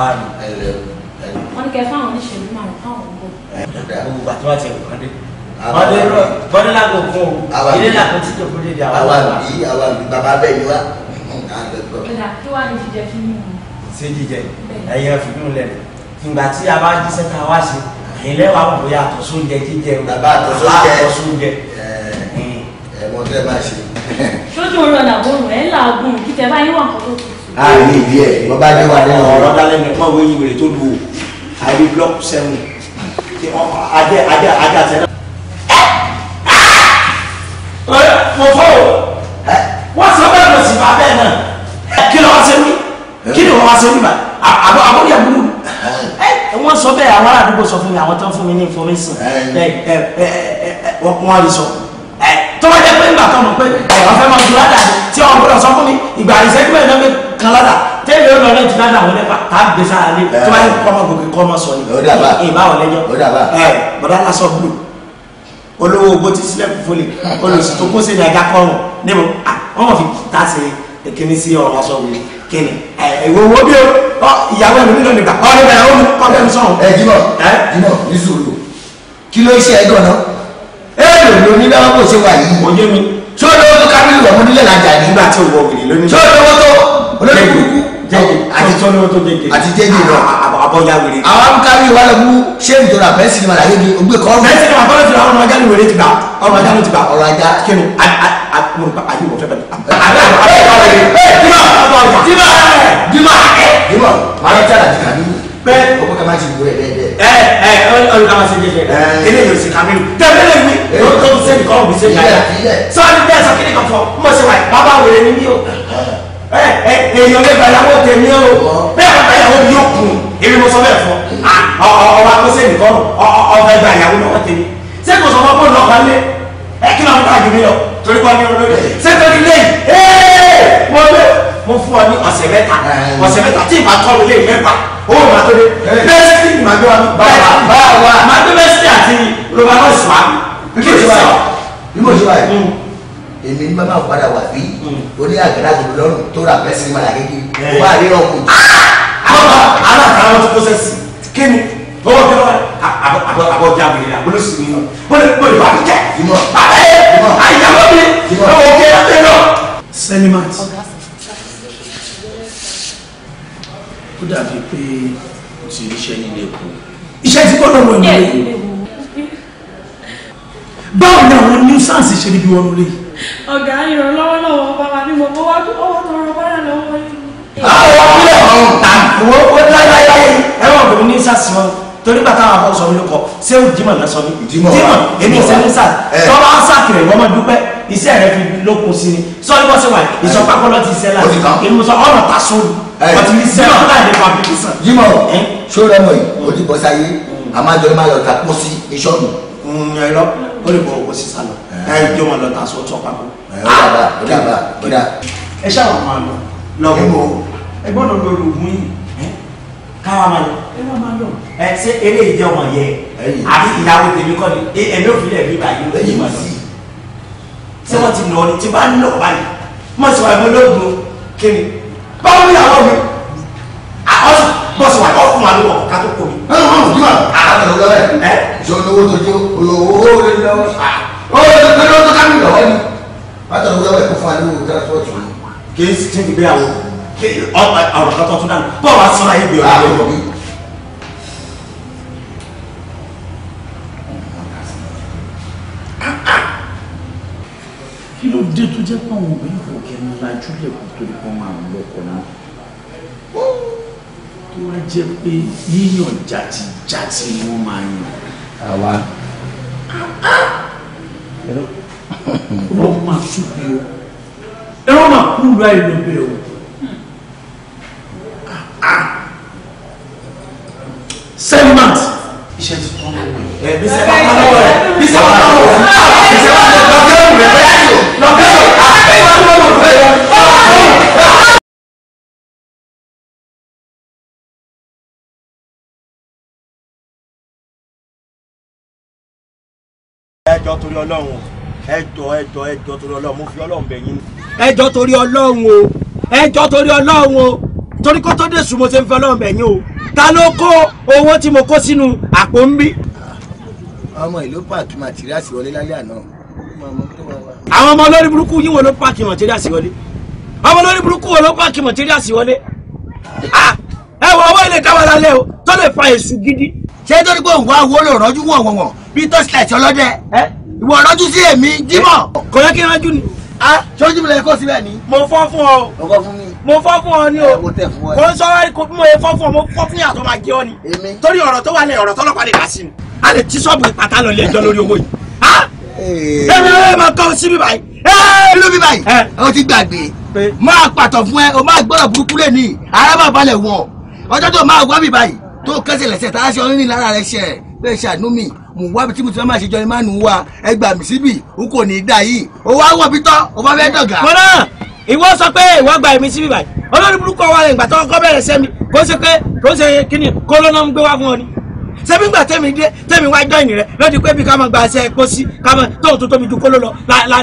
fáànù ẹ̀rẹ̀ ẹ̀rẹ̀. wọ́n ní kẹ́ fáwọn oníṣèlú máa ń káwọn ń bọ̀. ẹ̀ẹ́dẹ̀ àwọn ògbà tó wà ti ẹ̀kọ́ dé. bọ́dé lágbo fún o ilé làkó tí tó fún léde àwọn àgbà. àwa bí àwa bí bàbá bẹ́ẹ̀ ni wá. kí wàá ní jíjẹ kí mímu. ṣé jíjẹ ẹyẹ fìdí ń lẹnu ìgbà tí a bá jíṣẹ́ ta wá sí ilé wa wò bóyá àtọ̀sóúnjẹ jíjẹ o bàbá àtọ̀sóúnjẹ ẹ̀ ẹ̀ mọ̀ tẹ́ bá ṣe. sójú oorun ọ̀nà àbúrò ẹ̀ ń la ogun kí tẹ bá yín wà kọ́ tó kù àárín ìbí ẹ̀ bọ́bá jẹ́ wà nínú ọ̀rọ̀ dálẹ́ mi pọ́n wéyí wèrè tó lu àbí block seven adé adé adé àtẹ náà. mo fọ́ o wọ́n sọ bẹ́ẹ̀ lọ sí bá bẹ́ẹ̀ náà kí ló wá sí wí kí ló wá sí wí bá àbọ̀ àbọ̀ yẹ bú wọ́n sọ bẹ́ẹ̀ àwọn àdúgbò sọ fún mi àwọn tó ń fún mi ní information wọ́n á lè sọ tó wá jẹ́ pé nígbà tó mọ̀ pé ẹ̀rọ fẹ́ máa dúró àdáyé tí ọ̀gbọ́dọ̀ sọ fún mi ìgbà ìṣẹ́jú mẹ́rin kan lọ́dà tẹ́lẹ̀ ọ̀nà ọ̀nà ìtura náà wọlé pa tá a gbèsè àlẹ́ tí wọ́n yẹ kọ́mọ gòkè kọ́mọ sọ ni ìbá wọlé jọ ẹ bọ́dá lásọ blu olówó ogbó ti sílẹ̀ fúnfọlẹ̀ olùsí tó kó sí ní ẹja kọ́rùn níbo wọ́n mọ̀ fi kìtà sí kíní sí ọ̀rọ̀ lọ́sọ̀ wọlé kíni ẹ ìwọ owó bí o ìyàwó ẹ̀mí nínú nígbà ọ̀ nígbà yàwó mi kọ́ bẹ́ẹ̀ mi sọ̀rọ̀. ẹ jimọ jimọ ní zulu kí ló ṣe ẹ gan-an ẹ lò ló ní báwọn kò ṣe wà yìí. oye mi. sọ́dọ̀ tó kábílì wọ̀ mọ́dúnlẹ̀ lajà ní. nígbà tí o wọ wìrì lónìí. sọ́dọ̀ tó olórí burúkú jẹjẹ àti tọ́ni wọn tó jẹjẹ àti jẹjẹ lọ abọ́jà wèrè. àwọn akáwé wa lọ mú sẹ́yìn tó ra fẹ́ sinimá la yébi ogbe kọ́. fẹ́ sinimá bọ́lá ti ra ọ̀nà ajá ni wèrè ti gbà ọ̀nà ajá ni ti gbà ọ̀nà ajá kínú àkùrùkà àyè wọ́n fẹ́ bẹ̀rẹ̀. àbẹ̀ àbẹ̀ àbẹ̀ dima dima dima maa yẹ tẹ́lẹ̀ àti kàmí pé ọkọ kama ti wúrẹ̀ dẹ́ dẹ́. ẹ ẹ ọlọ́run kama ti jẹ́ dẹ́ eléyìí oṣù kàmí tẹ̀lé mi ló tó ń sẹ́ni kọ́ ọ̀gbìn sẹ́ni. sọ́ọ́ni bẹ́ẹ̀ sọ kí ni kò fọ́ mọ̀ sí wa bàbá wèrè ni mí o. Ah ẹ ẹ èèyàn lè bàyàwó tèmi o bẹ́ẹ̀ bá bàyàwó mi yóò kùn èmi mo sọ bẹ́ẹ̀ fún ọ ọba tó sẹ́ni kọ́ ọba ẹgbẹ́ àyàwó lọ́wọ́ tèmi ṣé kò sọ fún ọgbọ́n lọ́ọ̀bá lé ẹ kí ló ń bá àjùmí lọ torí kọ́ ní olóyè ṣé torí lẹ́yìn ee mo lé mo fún ọ ní ọ̀sẹ̀ mẹ́ta ọ̀sẹ̀ mẹ́ta tí ìbá tọ́ lé mẹ́fà ó mà tó dé bẹ́ẹ̀sì màdó wa màdó bẹ́ẹ̀sì àti romanus wa kí o ti sọ. bí mo ṣe wà yìí hmm. èmi ní bàbá òpadà wà bíi àgbàdo àgbàdo lọ́rùn tó rà bẹ́ẹ̀ sinimá la kékeré kò bá rí ọkọ. àwọn àwọn tó kó sẹ́sì kí ni bọ́wọ́ kí wọ́n abọ́jà mi rẹ̀ àbúrò sí mi náà bọ́lá bọ́lá bá mi jẹ́ ìmọ̀ bàbá yẹ àyàwó mi lọ́wọ́ kí ẹ fẹ́ lọ. sẹ́nimát ó dàbí pé o ti ríṣẹ́ nílé epo. iṣẹ́ ti gbọ́dọ̀ wọ̀ nílé. báwo ni àwọn nuisance ṣe rí bí wọ́n lórí yìí ọ̀gá ìrànlọ́wọ́ náà wọ́n bá wa ní gbogbo wá ọwọ́ tó rọ báyà lọ́wọ́ yìí. àwọn ọmọlẹ́ ọ̀hún ta owó ó láyáyáyé ẹ̀wọ̀n ní sàṣì torí bàtà àwọn afọ sọmi lóko ṣé o jimọ náà iṣẹ́ rẹ fi lókun sí ni sọ́ni bọ́ sí wa ìsọpákọ́lọ́ ti ṣẹ́ láti èmi sọ ọ̀nà ta sóòlù wọ́n ti ní sẹ́wọ̀n fún àìlè pàbíkísàn. jimọ ṣó rẹ mọ yìí o sáyé àmàjọ ẹ má lọ ta pósí ní ṣọ́ọ̀nù. ẹ̀rọ ó lè bọ̀ òkú sísá lọ ẹ jọ wọn lọ ta sọ tọ papọ̀. ẹ ṣáà máa lọ lọ́wọ́ ẹ gbọ́dọ̀ lọ lògùn yìí káwa máa lọ ẹ máa máa lọ ẹ ṣe eré ìjẹ ọmọ yẹ àti ìyàwó tèmi kọ́ ni òfin ẹ̀mí báyìí ló yìí máa lọ tí wọ́n ti lọ ni tí bá ń báyìí mọ̀ sí wa ẹ̀mí kíni báwo ni àwọn mi bọ́sùn wa ọ̀fun wa ló wọ̀ ká tó kọ́ mi. ẹ ẹ jọ lówó tó jó olówó lè lọ ó lọ pé lọ́dún ká mi lọ́wọ́ ni bàtà òwúrọ̀ ẹ̀kọ́ fún alẹ́ òwúrọ̀ tẹ́lẹ̀ fọ́ọ̀tù ni. kì í ti gbé àwọn ọ̀rọ̀ kan tó tún dànù bọ́ọ̀ wá sọ́ra yìí bí ọ̀rọ̀ yẹn lọ. kí ló dé tó jẹ́ pé àwọn obìnrin kò kẹ́ ń lajú lẹ̀kọ́ torí kọ́ máa ń lọ́kọ̀ náà tó wá jẹ́ pé yíyàn jàtijàti ni wọ́n máa yàn. àwa. Ah, ah wọ́n máa súnbi o ẹ wọ́n máa kú lọ àìlọ o sẹ́mbàt iṣẹ́ ti tán lọ́wọ́ ẹ̀ bí sẹ́mbàt máa lọ́wọ́ ẹ̀ bí sẹ́mbàt máa lọ́wọ́ ẹ̀ bí sẹ́mbàt máa lọ́wọ́ ẹ̀ lọ́kẹ́rù rẹ̀ bẹ́ẹ̀ lọ́kẹ́rù àti ìwádìí lọ́wọ́ rẹ̀ báwọn. ẹjọ́ torí ọlọ́run o ẹjọ́ ẹjọ́ ẹjọ́ torí ọlọ́run mo fi ọlọ́run bẹ̀ yín. ẹjọ́ torí ọlọ́run o ẹjọ́ torí ọlọ́run o torí kó tó dé sùn mo ṣe ń fi ọlọ́run bẹ̀ yín o ta ló kó owó tí mo kó sínú àpò ń bí. ọmọ ìlú pààkì màtíríàsì wọlé lálẹ́ àná. àwọn ọmọ olórí burúkú yín wo ló pààkì màtíríàsì wọlé ọmọ olórí burúkú wo ló pààkì màtíríàsì wọlé. Ah! ẹ wọ ọwọ́ ilé dáwọ́ lálẹ́ o tó lè fa èṣù gidi ṣé torí pé òwò àwo ló rọ́jú wọ̀n wọ̀n wọ̀n bí tọ́sílẹ̀tì ọlọ́dẹ ìwọ rọ́jú sí èmi jímọ̀ kò yẹ kí n rọ́jú ni. ṣojú mi lè kó síbẹ̀ ni. mo fọ́ fún ọ. mo fún mi. mo fọ́ fún ọ ni o. kò ń sọ kó mo fọ́ fún ọ mo fọ́ fún yàtọ̀ máa jẹ́ ọ ni. torí ọ̀rọ̀ tó wà lẹ̀ ọ̀rọ̀ tọ́lọ́pàá lè dá sí ni. a lè ti sọ́ọ̀bù ìpàtà lọ ilé ẹjọ́ lórí owó tó kẹsẹ̀ lẹ́sẹ̀ tá a ṣe ọyún lára rẹ̀ ṣe bẹ́ẹ̀ ṣàánú mi mò ń wábi tí mo ti fẹ́ máa ṣe jọ imánu wa ẹ gbà mí síbì o kò ní í dà yìí o wá wọ̀ bí tọ́ o bá fẹ́ dọ̀gà. mo náà ìwọ sọ pé ìwọ gba èmi síbì báyìí olórí burúkú ọwọ́ rẹ̀ ìgbà tó kọ́ bẹ̀rẹ̀ sẹ́mi kó ṣe pé kó ṣe kíni kó ló náà ń gbé wá fún ọ ni. sẹ́mi gbà tẹ́mi dé tẹ́mi wá jọ ìnì rẹ̀ lóde pé bí ká máa gba ẹsẹ̀ pósí ká máa tóun tó tóbi ju kó ló lọ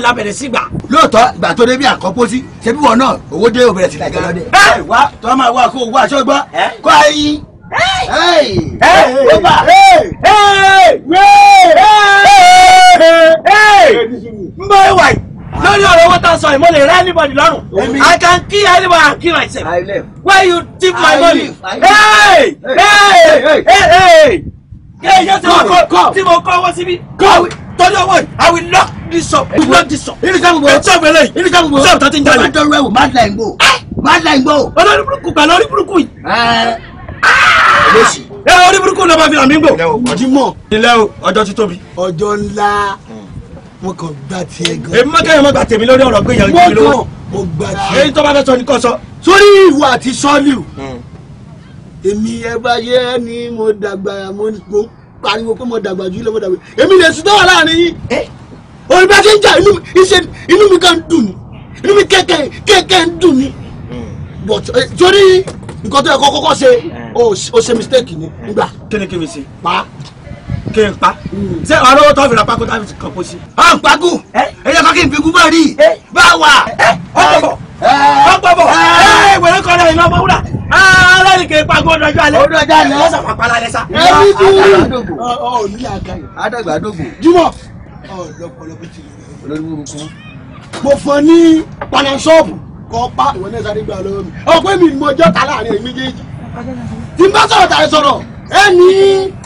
la bẹ̀rẹ̀ sí gbà. lóòótọ́ ìgbà tó dé bí àkọ́ pósí ṣe bí wọn náà owó dé òbẹ̀rẹ̀ sí ìdájọ́ lọ́dẹ. ẹ wá tọ́ máa wá kó wá aṣọ n bọ ìwà yìí lórí ọ̀rọ̀ owó tá a sọ yìí mo lè rẹ́ anybody lọ́rùn I can kill anybody and kill myself why you tip my money hey hey hey kéèyàn tí mo kọ́ tí mo kọ́ wọ́n síbí tọ́jú ọwọ́ yìí I will knock this up I will knock this up ẹ̀tọ́ mi lẹ́yìn ṣọ́ọ̀bù tó ti ń jalè. ọ̀dọ́ rẹ̀ wò má dà ìgbò má dà ìgbò. olórí burúkú pẹ̀lú orí burúkú yìí ẹ orí burúkú ló máa fi hàn mí gbò. ọdún mọ. ilé ọjọ́ ti tóbi. ọjọ́ ńlá wọn kàn gba tiẹ̀ gan. èmi má kẹ́yìn má gba tèmi lórí ọ̀rọ̀ gbé yẹn lórí lọ́wọ́. mo gba tiẹ̀. èyí tó bá fẹ́ sọ ni kò sọ. sórí ìwà àti sọ́ọ̀lù hmm. èmi ẹ bá yẹ ni mo dàgbà mo pariwo pé mo dàgbà jù lọ mo dàgbà èmi lè sùn dọ́wọ́ láàrin yín. Eh? orí bá ṣe ń jà inú mi ṣe inú mi kan dùn ní inú mi kẹ̀kẹ́ kẹ̀kẹ́ ń dùn ní. bọ̀t torí nǹkan tó yẹ kó kọ́kọ́ ṣe ó eh. ṣe mistake ni nígbà. Eh. kí ni kí mi ṣe. pa kí n pa. Hmm. ṣé ọ̀rọ̀ owó tó fi ra pákó tó fi kàn kó sí. ọ̀ ń pagún eh. ẹ̀yẹ kan kí n fi gún bọ́ọ̀lì bá a wà. ọ̀pọ̀ ọ̀pọ̀ bọ̀ wẹ̀rẹ̀ kọ́ ah, lẹ́yìn lọ́mọ wúrà aláìní kì í pagún ọdọọjọ́ alẹ́. ọdọọjọ́ alẹ́ ọ̀sán pàpàlà rẹ̀ sá. ẹni tí adàgbà àdógò. Oh, oh, jùmọ̀ ọ̀lọ́pọ̀lọpọ̀ oh, ti lè. olórí burúkú. mo fọ ní panasọ́ọ̀bù kọ́ pa ìwọ náà sáré gbà lọ́wọ́ mi ọ̀pẹ́ mi ni mo jọ́ ta láàrin èmi méjèèjì tí n bá sọ̀rọ̀ tàyè sọ̀rọ̀ ẹ ní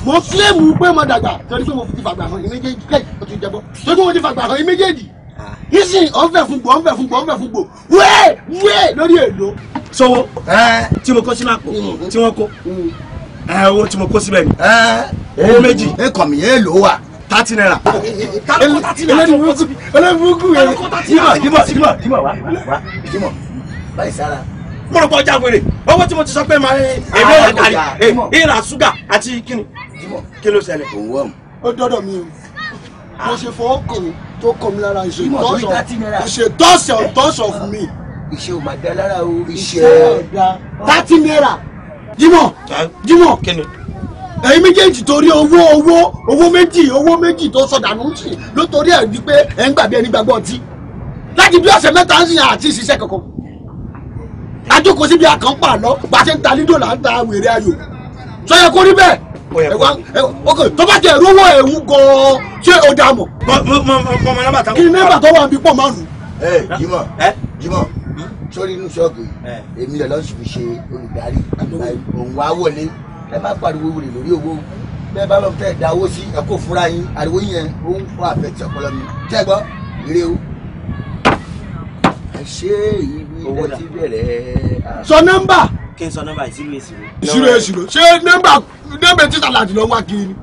mo fílẹ̀mù pé mo dàgbà torí pé mo ti fàgbà hàn èmi méjèèjì lẹ́yìn o ti jẹ́bọ́ torí pé mo ti fàgbà hàn èmi méjèèjì ah. nísìnyí ọ̀nfẹ́ fún gbò ọ̀nfẹ́ fún gbò ọ̀nfẹ́ fún gbò wéè wéè lórí èlò. sowo tí mo kó sínú àpò mm. tí wọ́n kó mm. owó tí mo kó síbẹ̀ ni owó méjì. ẹ kọ̀ mí èèlò wa thirty naira. eléyìí burúkú eléyìí burúkú yẹn dìmọ̀ dìmọ̀ dìmọ̀ dìmọ̀ wá wá dìmọ̀ báyìí sára mo rò pọ̀ ọjà wèrè owó tí mo ti sọ pé máa ah, èrè àkàrí ìrà ṣúgà àti kíni kí ló ṣẹlẹ̀. ó dọ́dọ̀ mi o ah. mo ṣe fọwọ́ kàn mí tó kàn mí lára ìṣètọ́sẹ̀ ọ̀tọ́sọ̀ fún mi. iṣẹ́ ò máa dá lára o iṣẹ́ ọ̀dà thirty naira Jímọ̀ ah. Jímọ̀ ẹ̀yin méjèèjì torí owó owó owó méjì owó méjì tó sọdànù sí ló torí ẹ̀ di pé ẹ̀ ń gbàgbé ẹni gbàgbọ́ ọtí láti bí ọ̀sẹ̀ mẹ́ta ń sìn àti ìṣiṣẹ́ kankan àjòkó síbi àkànpá lọ gbàṣẹ ń ta lídò là ń ta wèrè ayò sọ yẹ kó rí bẹ́ẹ̀ ọkọ tó bá jẹ rówó ẹwù gan ṣé o dà mọ. kí ni nọ́mbà tó wà bí pọ̀ márùn. ẹ jimọ jimọ sórí inú ṣọ́ọ̀bù èmi lọ́sùn ṣe olùdarí òun wá wọlé ẹ má pariwo wèrè lórí owó bẹ́ẹ̀ bá lọ́n tẹ́ da owó sí ẹ kó fura yín ariwo yẹn ó ń fọ àfẹ́tì ọpọlọ mi tẹ́ gbọ́ ire o. ẹ ṣe ibi ilẹ̀ ti bẹ̀rẹ̀. sọ nọ́mbà. kí n sọ nọ́mbà zero eight zero. zero eight zero ṣé nọ́mbà nọ́mbà títà láti lọ wá kiri ni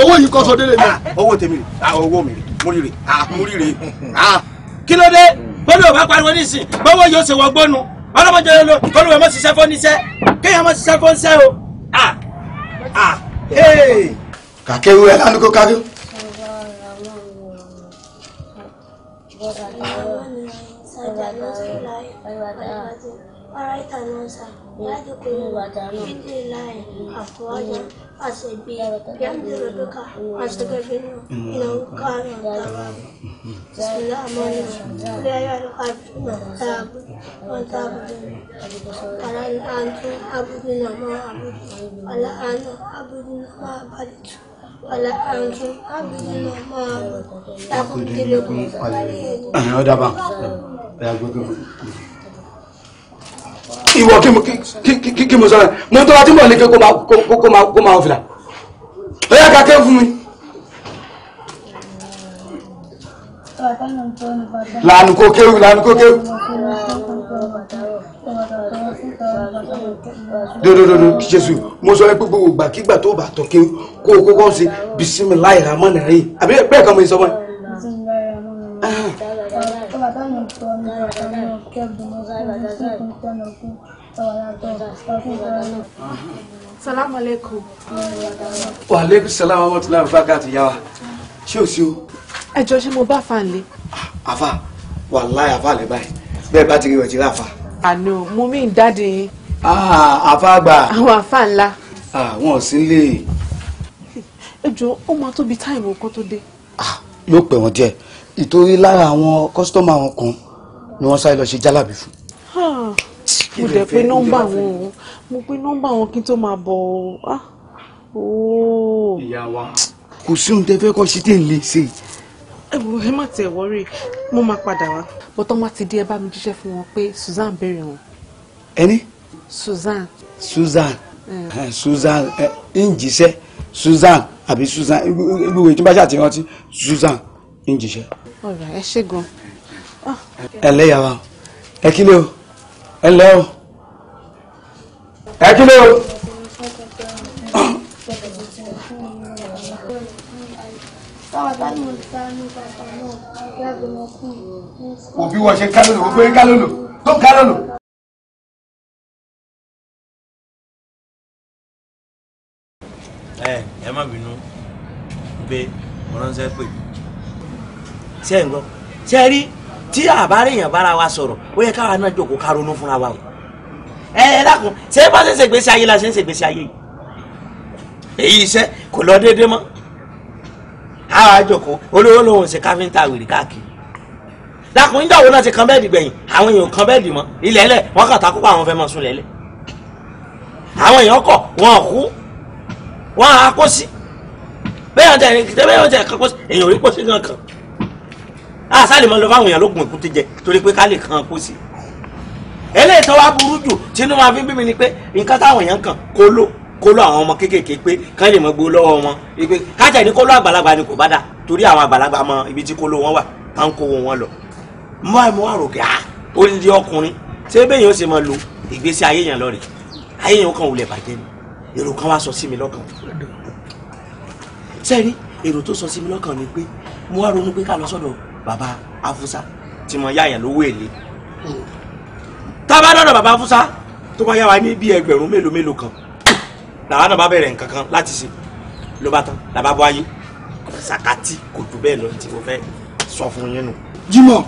owó yìí kọ́ sọ délé náà. Ah, owó tèmi rè ah, owó mi rè mo rí rè ah, mo rí rè kí ló dé gbọ́dọ̀ bá pariwo nísìn gbọ́wọ́ yóò ṣe wọ́gbọ́nu ọlọ́mọdé ló kọ́lùwẹ̀ mọ́ ṣiṣẹ́ fọ́ níṣẹ́ kéèyàn mọ́ ṣiṣẹ́ fọ́ níṣẹ́ o ah ah hey kàkéwé ẹ lánàá kó kájú. Alright, I'm on, sir. ويذكروا بإذن الله أفواجا فسبح بحمد ربك واستغفره إنه كان توابا بسم الله الرحمن الرحيم لا يعرفون تعبد وتعبدون ولا أنتم عبدون ما أعبد ولا أنا عبد ما عبدت wàlá àrùn ábìlì máa bọ̀ lákòókò lókun ọ̀dà bá ọ̀dà gbogbo ìwọ kí mo sọ̀rọ̀ mo tọ́ra tí mo lè ké kó máa fìlà ó yá ká ké fún mi. lànà kó kéwù lànà kó kéwù. dodododo jésù mo sọ pé gbogbo gbàkigbà tó bá tọ kéwù kó o kókó ṣe bisimilayi ramani rẹ àbí bẹ́ẹ̀ kan ah. mo sọ wọn salamu aleykum. wa aleykum salaam wa rahmatulah barakatu yawa ṣé o sí o. ẹ jọ ṣé mo bá fa nlé. àfa wàláyé àfa lè báyìí bẹ́ẹ̀ bá ti rí rẹ̀ ti rí àná mo mí ń dáde yín. Ah, gbà. àwọn àfa ńlá. àwọn ah, ò sí nílé. ẹ jọ ó máa tóbi táìmù kan tó dé. Ah, yóò pẹ́ wọ́n díẹ̀ ìtorí lára àwọn kọ́sítọ́mù àwọn kan ni wọ́n sáré lọ ṣe jálàbí fún. mo dẹ̀ pé nọ́mbà wọn mo pé nọ́mbà wọn kí n tó máa bọ̀ ọ́. ìyá wa kò sí ohun tẹ́ fẹ́ kọ́ sí tẹ̀ ń lè ṣe. ẹ wo ẹ má tẹ̀ wọ́rì mo máa padà wá. bọ́tọ́ má ti dé ẹ bá mi jíṣẹ́ fún wọn pé Susan béèrè wọn. ẹni. Susan. Susan. Susan ń jíṣẹ́ Susan àbí Susan ibi ìwé tí bá ṣàtìrántí Susan ń jíṣẹ́. ọ̀rọ̀ ẹ ṣé gan-an ẹ lẹ́ yàrá ẹ kí lé o ẹ lẹ́ o ẹ kí lé o. òbí wọ́n ṣe kálólò ó gbé kálólò tó kálólò. ẹ ẹ má bínú pé mo ránṣẹ́ pè ṣe ń gbọ́ ṣe rí tí àbárẹ̀ èèyàn bára wa sọ̀rọ̀ ó yẹ káwa náà jókòó ká ronú fúnra wa o ẹ ẹ dákun ṣé bá ṣe ń ṣègbésí ayé la ṣe ń ṣègbésí ayé yìí èyí iṣẹ́ kò lọ déédéé mọ́ àwa jókòó olówó lòun ṣe káfíńtà wèrè káàkiri dákun nígbà wo náà ti kan bẹ́ẹ̀dì gbẹ̀yìn àwọn èèyàn kan bẹ́ẹ̀dì mọ́ ilẹ̀ ẹlẹ̀ wọ́n kàn takú pa àwọn fẹ́ mọ́ sùn lẹ́lẹ̀ àwọn èèyàn kọ̀ wọ́n kú wọ́n á kó sí bẹ́ẹ̀ ọ̀tẹ̀ bẹ́ẹ̀ ọ̀tẹ̀ kan kó sí èèyàn ò rí kó sí kankan a ah, sáré mọ lọ fáwọn èèyàn lóògùn èkúté jẹ torí pé ká lè kan kó sí eléyìí tó wá burú jù tínú máa fi ń bí mi ni pé nǹkan táwọn èèyàn kàn kó ló kó ló àwọn ọmọ kéékèèké pé kán lè mọ gbó lọ́wọ́ wọn pé kájà ní kó ló àgbàlagbà ni kò bá dà torí àwọn àgbàlagbà mọ ibi tí kó ló wọn wà á ń kó wọn lọ mọ àìmọ àròkè à ó ń di ọkùnrin ṣé bẹ́ẹ̀ yẹn máa lo ìgbésí ayé yẹn lọ rè ayé yẹn ó kàn wulẹ̀ bàjẹ́ ni èrò kan wá sọ sí mi lọ́kàn sẹ́rí èrò tó sọ sí mi lọ́kàn ni pé mo wá ronú pé ká lọ sọ́dọ̀ baba afusa tí mo yáyàn lówó èlé hmm. tábà dọ̀dọ̀ baba afusa tó bá yá wa ní bíi ẹgbẹ̀rún mélòó mélòó kan làwọn náà bá bẹ̀rẹ̀ nǹkan kan láti ṣe ló bá tán làbá bọ́ ayé sàkátì kò jù bẹ́ẹ̀ lọ tí mo fẹ́ sọ fún yín nù. Jímọ̀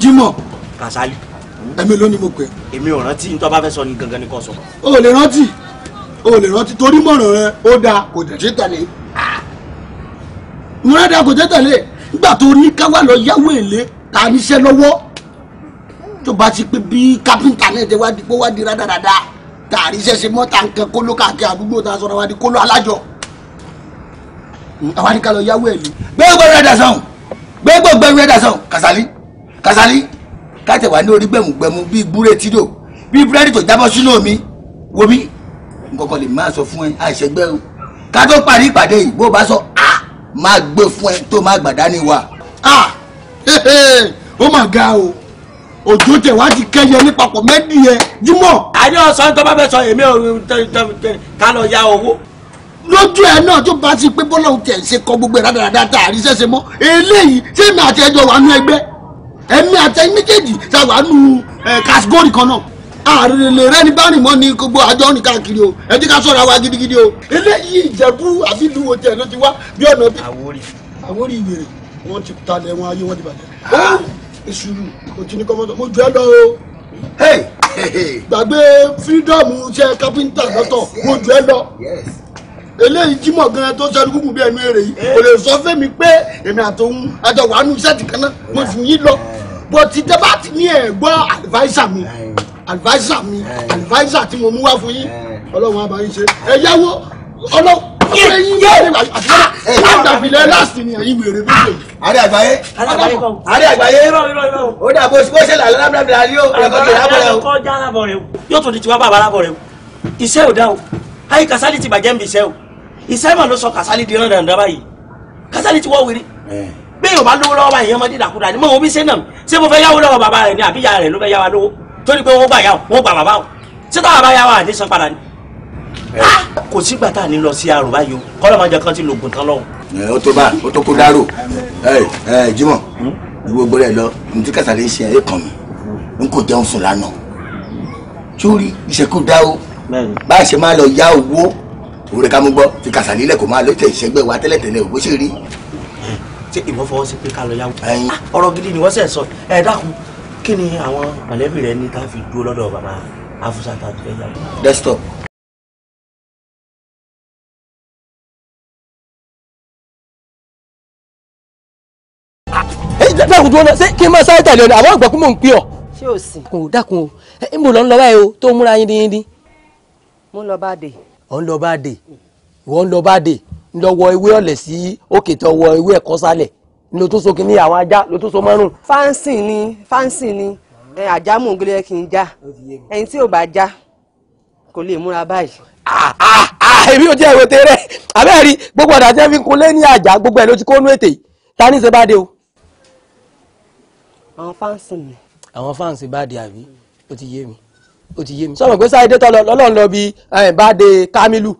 Jímọ̀ Kàsálí. ẹ̀mi ló ni mo pè. èmi ò rántí nítorí bá fẹ́ sọ ní gangan ni kò sọ. o ò lè rántí o ò lè rántí torí mọ̀ràn rẹ ó dáa kò dẹ̀ tẹ̀lé. Ah. mo rẹ́ dáa kò dẹ̀ tẹ̀lé nígbà tó ní ká wà lọ yáwó èlé ká níṣẹ́ lọ́wọ́ tó bá ti pé bí kápẹ́ńtà náà tẹ wádìí pé wádìí rádaràda tá a ríṣẹ́ ṣe mọ́ta nǹkan kóló káàkiri àdúgbò tá a sọ̀rọ̀ wádìí kóló alájọ àwọn àdìkà lọ yáwó èlé. gbẹ́gbẹ́ rẹ̀ dà sàn gbẹ́gbẹ́ rẹ̀ dà sàn Kasali Kasali káàtẹ̀ wà ní orí gbẹ̀mùgbẹ̀mù bíi búrẹ́ tídò bíi búrẹ́dì tó jábọ́ sínú omi wo mi nǹkan kan lè máa o ká tó parí ìpàdé yìí bó o bá sọ máa gbé fún ẹ tó máa gbàdá ni wa. Ah! ó mà ga o òjò tẹ wá ti kẹyẹ ní papọ̀ mẹ́dì yẹn júmọ̀. àní ọ̀sán tó bá fẹ́ sọ èmi ò ká lọ ya owó. lójú ẹ náà tó bá ti pé bọ́lá òun tẹ̀ ń ṣe kọ gbogbo ìradàradà tá a rí sẹ́sẹ̀ mọ́ eléyìí sẹ́mi àti ẹjọ́ wà nú ẹgbẹ́ ẹ̀mí àti ẹ̀yìn méjèèjì tá wà nú kàṣígórì kan náà àrèlè rẹ ní báyìí mọ́ ni gbogbo àjọ ní káàkiri o ẹ jẹ́ ká sọ̀rọ̀ wa gidigidi o eléyìí ìjẹ̀bú àfi ìlú wo tiẹ̀ ló ti wá bí ọ̀nà bí. àwórí àwórí ìwèrè wọn ti talẹ̀ wọn ayé wọn ti bàjẹ́. ó èṣù kò ti ní kọ́mọ́tò mo jù ẹ lọ o gbàgbé fírídọ́ọ̀mù iṣẹ́ kápẹ́ńtà lọ́tọ̀ mo jù ẹ lọ eléyìí jímọ̀ gan tó sọ dúkùkù bí ẹnu èrè yìí kò lè sọ fẹ́mi pé èmi àtòun àjọwà nù sẹ́ẹ̀tì kan náà mo sì yí lọ bó ti dẹ́bà ti ní ẹ̀ gbọ́ àdìváísà mi adviser mi eh. adviser tí mo mú wá fún yín eh. ọlọ́run á bá yín ṣe ẹ̀yáwó ọlọ́run ẹ̀yìn yẹn ni àtúntà àdàbìlẹ̀ last ni ẹ̀yìn wèrè méjì. àrẹ àgbáyé àrẹ àgbáyé ó dà bó bó ṣe làlọ́ lábẹ́rẹ́ yóò ẹ̀kọ́ jẹ́ alábọ̀ rẹ o. yóò tún di tiwa bàbá alábọ̀ rẹ o iṣẹ́ ò dá o ayé Kasali ti bàjẹ́ nbí iṣẹ́ o iṣẹ́ mà ló sọ Kasali di rán dandan yóò bá eh. lówó lọ́wọ́ báyìí ọmọdé dàkúdà ni mo ò bí ṣe náà ṣé mo fẹ́ yáwó lọ́wọ́ bàbá rẹ ni àbíyá rẹ ló fẹ́ yáwó lówó torí pé wọ́n gbà yà wọ́n gbà bàbá o ṣé táwọn bá yà wà àdé padà ni. Ah, kò sígbà tá a lọ sí arò báyìí o kọ́lọ́ máa jẹ kán ti lògùn tán lọ́wọ́. ẹ o tó bá o tó kó dárò ẹ ẹ Jímọ̀ hmm? gbogbo rẹ lọ ntí kàtàlẹ ṣe ẹ kàn mí n kò jẹun sùn lánàá sórí ìṣẹ́kù dá o bá a ṣe máa lọ yá owó òwúrẹ ká mú gbọ fi kàtàlẹ lẹ kó máa lọ tẹ ìṣẹgbẹ wa tẹ́lẹ̀tẹ́lẹ̀ òwò ṣe rí. ṣé ìwọ fọwọ́ sí pé ká lọ yá owó. Ah, ọ̀rọ̀ gidi ni wọ́n sẹ̀ sọ ẹ̀ dákun kí ni àwọn mọ̀lẹ́bí rẹ ní tá a dúró lọ́dọ̀ bàbá afusa tá a ti fẹ́ yàgò. desktop. ẹ jẹ́ dákun tó ń lọ ṣé kí n máa sáré tẹ̀lé ọ àwọn àgbà kún mò ń pè ọ́. ṣé o sì. kò dákun o ẹ lọ ń lọ báyìí o tó ń múra yín mo ń lọ bá dè. ọ̀ ń lọ bá dè ìwọ ń lọ bá dè ń lọ wọ ló tún so kìíní àwọn ajá ló tún so mọ́rùn. fáǹsì ni fáǹsì ni àjámù ògiri ẹ kì í já ẹni tí ò bá já kò lè múra báyìí. èmi ò jẹ́ ìwé tẹ́rẹ̀ abẹ́rẹ́ rí gbogbo ọ̀dà tí wọ́n fi kun lé ní àjà gbogbo ẹ̀ ló ti kónú ètè ta ní ṣe bá dé o. àwọn fáǹsì mi. àwọn fáǹsì bá dé àbí ó ti yé mi ó ti yé mi sọ̀rọ̀ pé sáyé dé tọ́ lọ lọ́lọ́ ń lọ bí bá dé Kamilu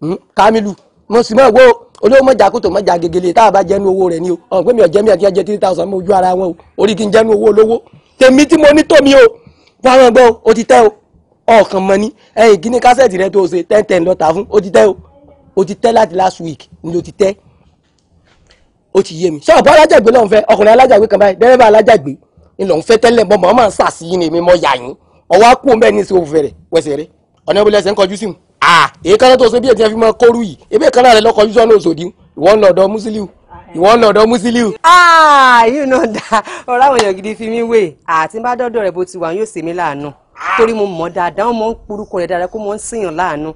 hmm? Kamilu mo sì mọ̀ wọ́n olówó mọ̀jà kótó mọ̀jà gègèlè tá a bá jẹ́nu owó rẹ̀ ni o ọ̀n pé mi ò jẹ́ mi àti ẹjẹ́ three thousand mi ojú ara wọn o orí kí n jẹ́nu owó olówó tèmi tí mo ní tòmí o fáwọn gbọ́ o ti tẹ́ o ọ̀kan mọ́ ni ẹ̀yìn kí ni kásẹ̀tì rẹ tó o ṣe ten ten lọ́ta fún o ti tẹ́ o o ti tẹ́ láti last week ni o ti tẹ́ o ti yé mi ṣé ọ̀bọ alájàgbé lọ́n fẹ́ ọkùnrin alájàgbé kan báyìí dẹ́rẹ́bà alájàgbé ni lọ́n fẹ́ tẹ́lẹ̀ mọ́ mọ́ máa ń sàṣìyìn ni mi mọ́ yà yín ọwọ́ á kú òun bẹ́ẹ̀ ní í ṣe wẹ̀sẹ̀ rẹ̀ ọ̀nà ìbílẹ̀ ṣe ń kọjú sí mi èékánná tó ṣe bí ètí ẹ fi mọ kóru yìí ebí èékánná rẹ lọkọ yíṣọ náà sòdí ìwọ ń lọ́dọ̀ Musiliu ìwọ ń lọ́dọ̀ Musiliu. yìí náà dá ọ̀rọ̀ àwọn èèyàn gidi fi mí wé àti bá dọ́dọ̀ rẹ̀ bó ti wà yóò ṣe mí láàánú torí mo mọ̀ dáadáa wọn mọ̀ ń porúkọ rẹ̀ dáadáa kó mọ̀ ń sèyàn láàánú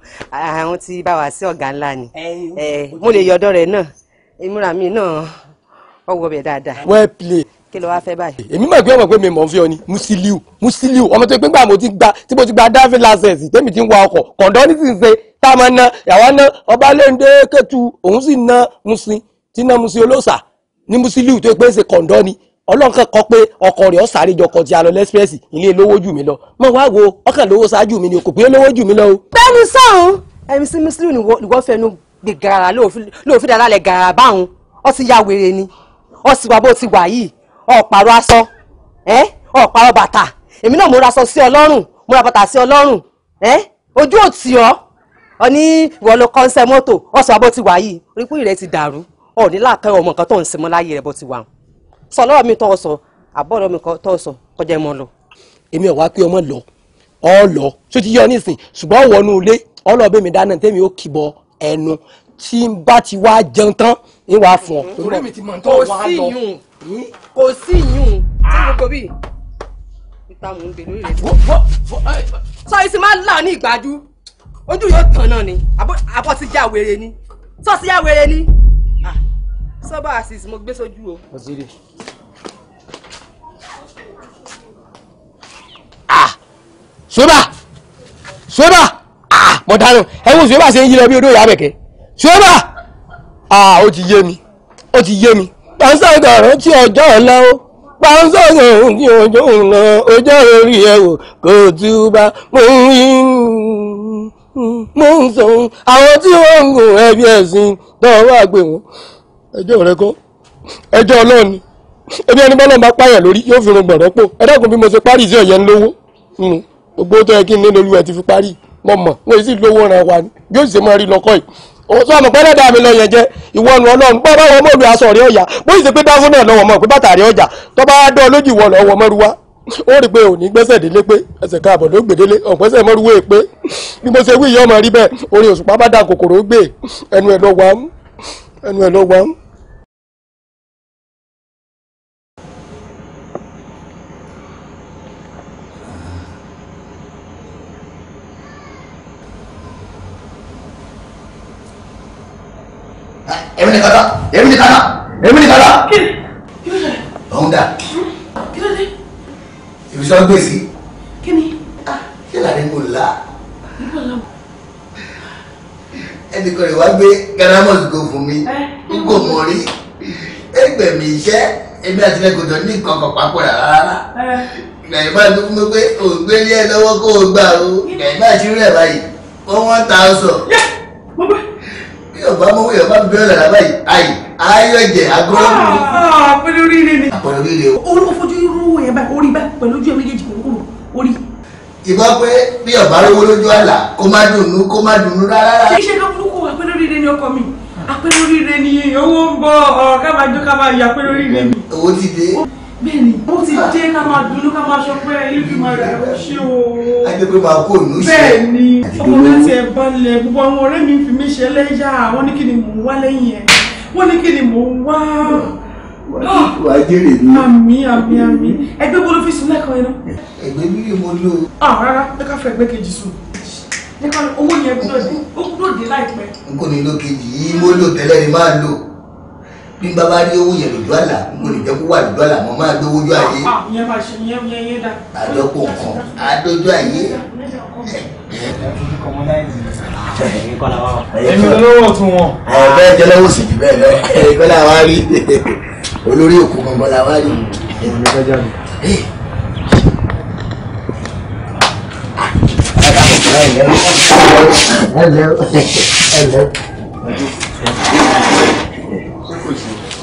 àwọn tí bá wá sí ọ̀gá ńlá ni mo lè yọ̀dọ̀ rẹ̀ náà ìmúra mi náà ọwọ́ bẹ̀ dáadáa. well played kí ló wá fẹ́ báyìí. èmi mọ̀ pé ọmọ pé mi mọ̀ fi ọ ni musiliu musiliu ọmọ tó gbé gbà mo ti gba tí mo ti gba driving license tèmi ti ń wa ọkọ̀ kọ̀ǹdọ́ ní sì ń ṣe tá a máa na yàrá ná ọbalẹ́ndé kẹ́tù òun sì na musin tí na musin olóòṣà ní musiliu tó pé ń ṣe kọ̀ǹdọ́ ni ọlọ́nkàn kọ pé ọkọ rẹ̀ ọ̀sàrè jọ kọjá alọ lẹ́sìpẹ́sì ilé lówó jù mí lọ mọ wá wo ọkàn lówó ṣáájú mi ni kò pé lówó jù mí lọ o. bẹ́ẹ̀ni sọhùn MC musiliu ni wọ́n fẹnu gbẹgàrà lóòfin dáadáa lẹ gàrà báwọn ó ti ya wèrè ni ó sì wà bó ti wà yìí ọ̀pàrọ̀ aṣọ ọ̀pàrọ̀ bàtà èmi náà mo ra aṣọ sí ọ lọ́rùn mo ra bàtà sí ọ lọ́rùn ojú ò tì ọ́ ọ ní ìwọ ló kọ́ ń sẹ́ mọ́tò ọ̀sẹ̀ abọ́ ti wà yìí orí kúrì rẹ ti dàrú ọ̀ ní láàkẹ́ ọmọ nǹkan tó ń sinmi láyé rẹ bó ti wà sọ lọ́wọ́ mi tọ́ sọ àbọ̀rọ̀ mi tọ́ sọ kọjá mọ́ lọ. èmi ò wá pé ọmọ lọ ọ lọ tó ti yọ nísìn ṣùgbọ́n wọnú ilé ọlọ́ọ̀bẹ mi dáná tẹ́mi ó kìbọ ẹnu tí n bá ti wá jẹun tán ń wá fún ọ. Mhm. orí mi ti mọ̀ tó wá lọ. kò sí yùn tí gbogbo bíi níta mò ń gbé lórí rẹ. sọ èsì máa ń là ní ìgbájú ojú yóò tàn náà ni àbọ̀ ti já wèrè ni sọ sí já wèrè ni ah, sọ́bà àṣìṣ mo gbé sójú o. sọ́bà sọ́bà mo ah! ah! dáná ẹ wo sọ́bà ṣe ń yí lọ bí odò ìyá bẹ̀kẹ́ ṣọ́ra àà ó ti yé mi ó ti yé mi pàṣẹgà rántí ọjọ́ ọ̀la ó pàṣẹgà rántí ọjọ́ ọ̀la ọjọ́ orí ẹ wò kò túbà mo ń mo ń sọ àwọn tí wọ́n ń gùn ẹbí ẹ̀sìn náà wà gbé wọn ẹjọ́ rẹ kọ́ ẹjọ́ ọlọ́ọ̀ni ebi ẹni bọ́lọ̀ bá pààyàn lórí yóò fi rògbọ̀n rọ́pò ẹ dákun bí mo ṣe parí ìṣe ọ̀yẹ́ ń lówó hmm, gbogbo tó yẹ kí n ní lólu ẹ ti fi parí mo mọ̀ wọ́n sì lówó ràn wá ni bí ó sì máa rí lọ́kọ́ yìí òótọ́ ọmọ pẹ́lẹ́ dá mi lọ yẹn jẹ́ ìwọ ọlọ́run bá báwọn ọmọ òbí aṣọ rí ọ̀yà bó sì pé dáfún náà lọ́wọ́ mọ̀ pé bàtà ọjà tó bá dán ọ lójú ìwọ lọ́wọ́ mọ́rúwá ó rí i pé òní gbẹ́sẹ̀ délé pé ẹsẹ̀ káàbọ̀ ló gbèdélé ọ̀gbẹ́sẹ̀ mọ́rúwé pé bí mo ṣe wí ìyá ọmọ èmi nìkan tán èmi nìkan tán èmi nìkan tán. òun dà. ìfisọ́ hmm? gbé sí. kí ni. kí ah, làdé mo là. ẹnì kan ìwà gbé garamus go fún mi eh, n kò mọ rí ẹgbẹ̀mí iṣẹ́ èmi àti mẹ́kọ̀ọ́ jọ ní nǹkan kan papọ̀ rárá eh. nàìjíríà ló fún mi pé òǹgbẹ́lẹ́ lọ́wọ́ kó o gbà o nàìjíríà ti rí ẹ̀ báyìí one one thousand ọba mọ́wé ẹ̀ bá bẹ̀rẹ̀ rà báyìí ayì ayọ̀ jẹ̀ agọ́rọ́ mi. àpẹẹrẹ oríire ni. àpẹẹrẹ oríire o. olówó fojú irú yẹn báyìí orí báyìí pẹ̀lú ojú ẹ̀ méjèèjì kòkòrò orí. ìbá pé bí ọba rówó lójú àlà kó má dùnnú kó má dùnnú rárá. kì í ṣe ló burúkú àpẹẹrẹ oríire ni ọkọ mi àpẹẹrẹ oríire ni owó ń bọ ọ̀ ká máa bẹ́ẹ̀ni ó ti jẹ́ ká máa dunú ká máa ṣọpẹ́ ibi máa rà ṣé o. ajẹpẹ máa kó ònú ṣe. bẹ́ẹ̀ni ọmọ láti ẹ balẹ̀ gbogbo àwọn ọ̀rẹ́ mi fi mí ṣe lẹ́yà wọ́n ní kí ni mò ń wá lẹ́yìn ẹ̀ wọ́n ní kí ni mò ń wá. wà á jèrè mi. àmì àmì àmì ẹgbẹ́ wo ló fi sùn lẹ́kọ̀ọ́ yẹn náà. ẹgbẹ́ mi lè mọ ló. à rárá ẹ ká fẹ́ ẹgbẹ́ kejì sùn owó yẹn gbúdọ̀ dé láìpẹ́. n kò ní lò kejì yìí mo lò tẹ́lẹ̀ ni máa lò bí n bá bá rí owó yẹn lójú àlà mo lè jẹ́ kó wà lójú àlà mo máa dówó ojú ayé àjọpọ̀ ah, ah, nǹkan àdójú ayé. èmi olówó tún wọn. ọ̀bẹ́ jẹlẹ́wò sì jù bẹ́ẹ̀ lọ ẹ̀kọ́ là wá rí olórí òkú gbọ̀ngàn là wá rí. Hello. Hello. Hello.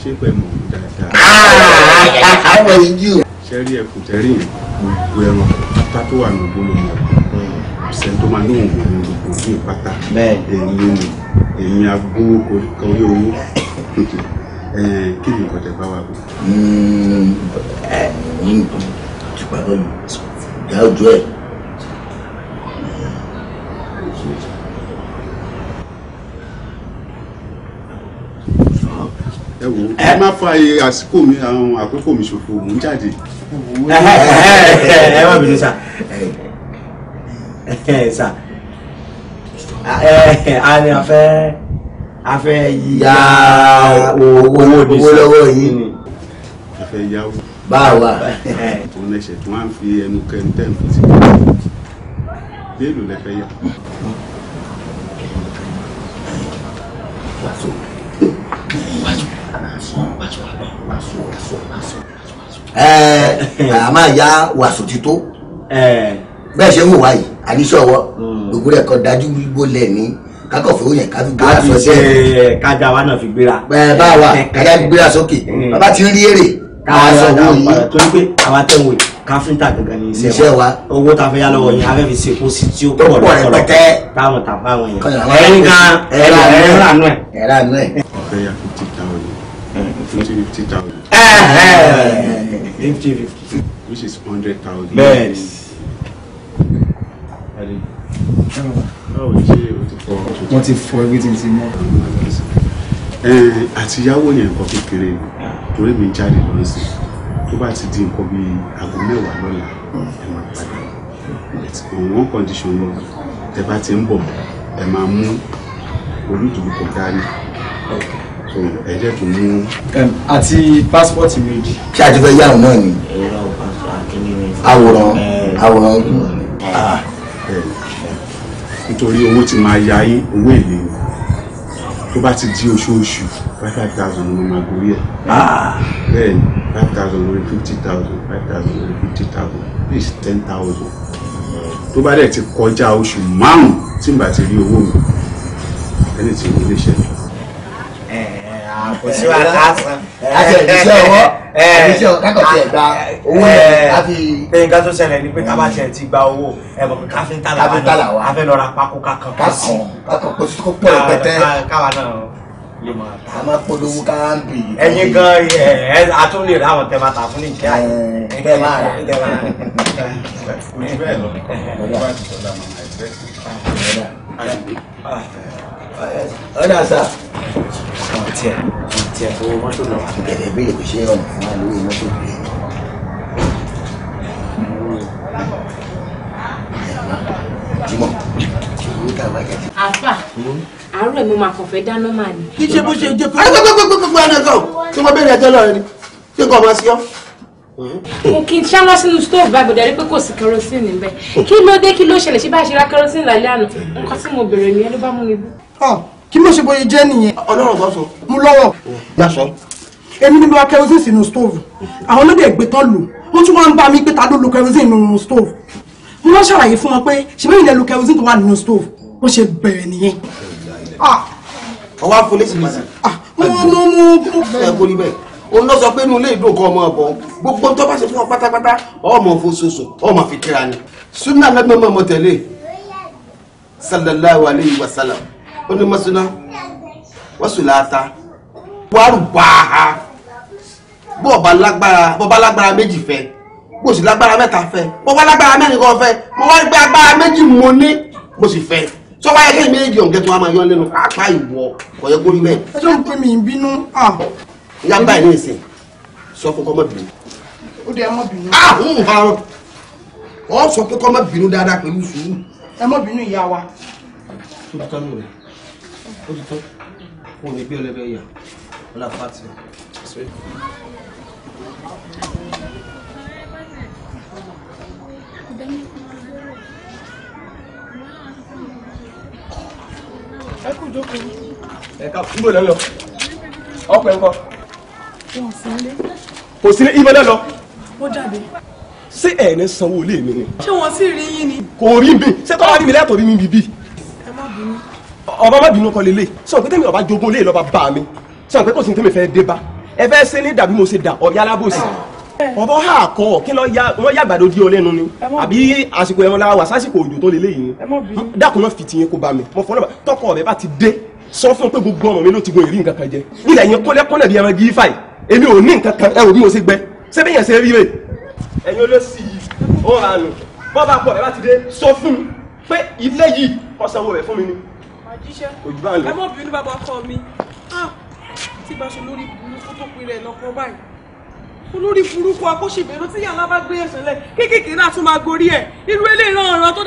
ṣé pẹ̀ mọ̀ ọ́ dáadáa. Ah, ah, ah, how are you. sẹ́rí ẹ̀kùn tẹ́rì gbogbo ẹran pátá tó wà ní gbólóhùn ẹ̀kùn ṣẹ́ni tó máa ní òun òun gbogbo ní ìpátá èyí ni èyí agbówó orí owó kí ni nǹkan tẹ bá wà bí. ẹ̀yin ìgbà tó yà ojú ẹ̀. ẹ wò ó ẹ má fa àsìkò mi àwọn àkókò mi ṣòfò mò ń jáde. ẹ má bínú sá sá a ní a fẹ́ a fẹ́ yá owó lọ́wọ́ yìí ni. a fẹ́ yáwó. báwa. òun ẹsẹ̀ tí wọ́n á fi ẹnu kẹ́nu tẹ̀ ń fi sí i. léèlò lẹ fẹ́ yá. Eh, a máa ya wàsó ti tó eh. bẹ́ẹ̀ ṣe ń wò wáyìí àníṣọwọ́ hmm. gbogbo rẹ̀ kọ́ dájú gbígbó lẹ̀ ní kakọ̀fẹ́ òyìn ká fi gbéra sọ sí ẹ̀ kájà wa náà fi gbéra bẹ́ẹ̀ eh, bá wa kájà fi gbéra sókè hmm. bàbá ti rí èrè káwa sọ owó yìí torí pé àwa tẹ̀ ń káfíńtà gangan ní iṣẹ́ wa owó ta yá lọ́wọ́ yẹn afẹ́ fi ṣe kó sí tí ó pọ̀ lọ́pọ̀lọ́ táwọn tàbá wọn yẹn ẹ̀rín gan ẹ̀rọ àánú ẹ̀ ẹ̀rọ ẹ̀ fifty fifty thousand. Eh, eh. fifty fifty. which is hundred thousand. bẹ́ẹ̀ni. báwo ni ṣe o ti fọ. wọ́n ti fọ everything ti mọ́. àtìyàwó yẹn nǹkan kékeré ni torí mi jáde lọ sí tó bá ti di nǹkan bíi aago mẹ́wàá lọ́la ẹ máa padà òun one condition lọ tẹ bá ti ń bọ̀ ẹ máa mú olùdókòwò dání so ẹ jẹ́ kó mú. àti passport méjì. ṣé àti fẹ́ yàrá náà ni. àwòrán àwòrán. Ah, nítorí owó ti máa ya yín owó èlé ni tó bá ti di oṣooṣù five five thousand ló máa gorí ẹ̀. Ah. bẹ́ẹ̀ ni five thousand lórí fifty thousand five thousand lórí fifty thousand please ten thousand tó bá dẹ̀ ti kọjá oṣù márùn-ún tí n bá ti rí owó mi ẹni tí mo lè ṣe kò sí wàhálà àṣà. àti ẹ̀díṣẹ́ ọwọ́ ẹ̀díṣẹ́ kákọ̀tì ẹ̀gbà owó ẹ̀ káfí. pé nǹkan tó ṣẹlẹ̀ ni pé ká bá ṣe ti gba owó ẹ̀bùn káfíńtà làwọn afẹ́ lọ́ra pákó kákan. kákan kákan kò sí kó pọ̀ rẹpẹtẹ. káwa náà lè máa ta. a máa polówó ká ń bì. ẹ̀yin gan ẹ atún lè ráwọn tẹ máa ta fún nìkẹ́ àyè. ẹ máa rà ẹ máa rà. kò ní bẹ́ẹ̀ lọ ọ̀dà sà ọ̀n tiẹ̀ ọ̀n tiẹ̀ owó mọ́tò lọ. gẹ̀dẹ̀ ìbéèrè kò ṣe é ọ̀nà fún àlóyè mọ́tò gbé. jimọ̀ tá a bá jẹ. àfà àárọ̀ ẹ̀ mo máa kàn fẹ́ dáná máa ní. kí ṣe bó ṣe jẹ́ kó. ẹ gbọ́dọ̀ gbọ́dọ̀ gbọ́dọ̀ gbọ́dọ̀ tó máa bẹ̀rẹ̀ ẹjọ́ lọ́rẹ́ ni ṣé kò máa ṣe ọ́ mo kí n ṣáná sínú stove báyìí bọ̀dẹ̀ rí pé kò sí kerosene níbẹ̀ kí ló dé kí ló ṣẹlẹ̀ ṣé bá ṣe ra kerosene lálẹ́ àná nǹkan tí mo bèrè nìyẹn ló bá mú mi bú. Ah, kí ló ṣe bóyá jẹ́ nìyẹn. ọlọ́run bá sọ. mú lọ́wọ́. bá sọ. èmi ni mo ra kerosene sínú stove àwọn olóde ẹ̀gbẹ́ tán lò wọ́n tún wá ń bá mi pé ta ló lo kerosene nínú stove mo lọ ṣàlàyé fún wọn pé ṣe bẹ́ẹ̀ ni ẹ lo kerosene tó wà nínú stove bó ṣe bẹ̀rẹ̀ nìyẹn. Ah. ọwọ́ àfọlẹ́sì mi sí. mo mo mo òun lọ sọ pé inú ilé ìdókò ọmọ ọbọ gbogbo tó bá ṣe fún ọ pátápátá ọmọ fososo ọmọ fi kíra ni sunna lẹgbẹ mọ ọmọ tẹlẹ sallallahu alayhi wa sallam ó ní masuna wasulata warubaha bọba lágbára bọba lágbára méjì fẹ́ bó sì lágbára mẹ́ta fẹ́ bọba lágbára mẹ́rin kan fẹ́ mo wá gbé agbára méjì mo ní mo sì fẹ́ tó wáyé kí méjì ọ̀gẹ́ tó wá máa yọ lẹ́nu apá ìwọ kọ̀yẹ́ kórìí bẹ́ẹ̀. ẹ ṣe ń pè mí ìbínú àbọ̀ ní abá ẹ̀ ní ìsìn sọ fún kọ́mọ bínú. ó di ẹmọ bínú. a ń mú fara wọn ọ sọ pé kọ́mọ bínú dáadáa pẹ̀lú sùúrù. ẹmọ bínú ìyá wa. ó ti tán nù rẹ ó ti tán kó o ní gbé ọlẹ́bẹ̀ yà ọlá fati. ẹ kú jókòó. ẹ ká kúrò lọ́yọ̀ ọ̀pẹ̀ ńkọ́ kò sílé ibẹ̀ náà lọ. ó jáde. ṣé ẹ̀ ní sanwó ilé mi ni. ṣé wọ́n sì rí yín ni. kò rí mi ṣé tọ́lá rí mi lẹ́tọ̀ rí mi bíbí. ẹ má bínú. ọba má bínú kọ́ lélẹ̀ sọ pé tẹ́mi ọba jogún lé lọ́ba bá mi sọ pé kò sí tẹ́mi fẹ́ dé bá ẹ fẹ́ ṣe ní dàbí mo ṣe dà ọ̀yá alábòsí ọbọ hà kọ kí wọn yàgbà ló di ọ lẹ́nu ni àbí àsìkò ẹran la wà sásìkò òjò tó lélẹ̀ yìí ni dákun náà fìtìyẹn kó bá mi mo fọ náà tọkọ rẹ bá ti dé sọ fún pé gbogbo ọmọ mi ló ti gbọ ìrí nǹkan kan jẹ ilẹ̀ yẹn kọ́lẹ́kọ́lẹ́ bí ẹran gífà yìí èmi ò ní nǹkan kan ẹ wò bí mo ṣe gbẹ ṣé bí yẹn ṣe rí rè. ẹ̀yin olóṣì yìí ó ra nù bọ́ bá pọ̀ ẹ bá ti dé sọ fún mi pé ilé yìí ọ̀sánwó rẹ̀ fún mi ni. àjíṣẹ́ ẹ mọ̀ bínú bàbá ọkọ mi ah, tí bá ṣe lórí burúkú tó pinnu ẹ̀ lọ́kọ báyìí olórí burúkú akóṣèbẹ̀rù tí yàrá bá gbé ẹ̀sẹ̀ lẹ̀ kéékèèké náà tún máa gorí ẹ̀ irú eléyìí ràn ọ̀ràn tó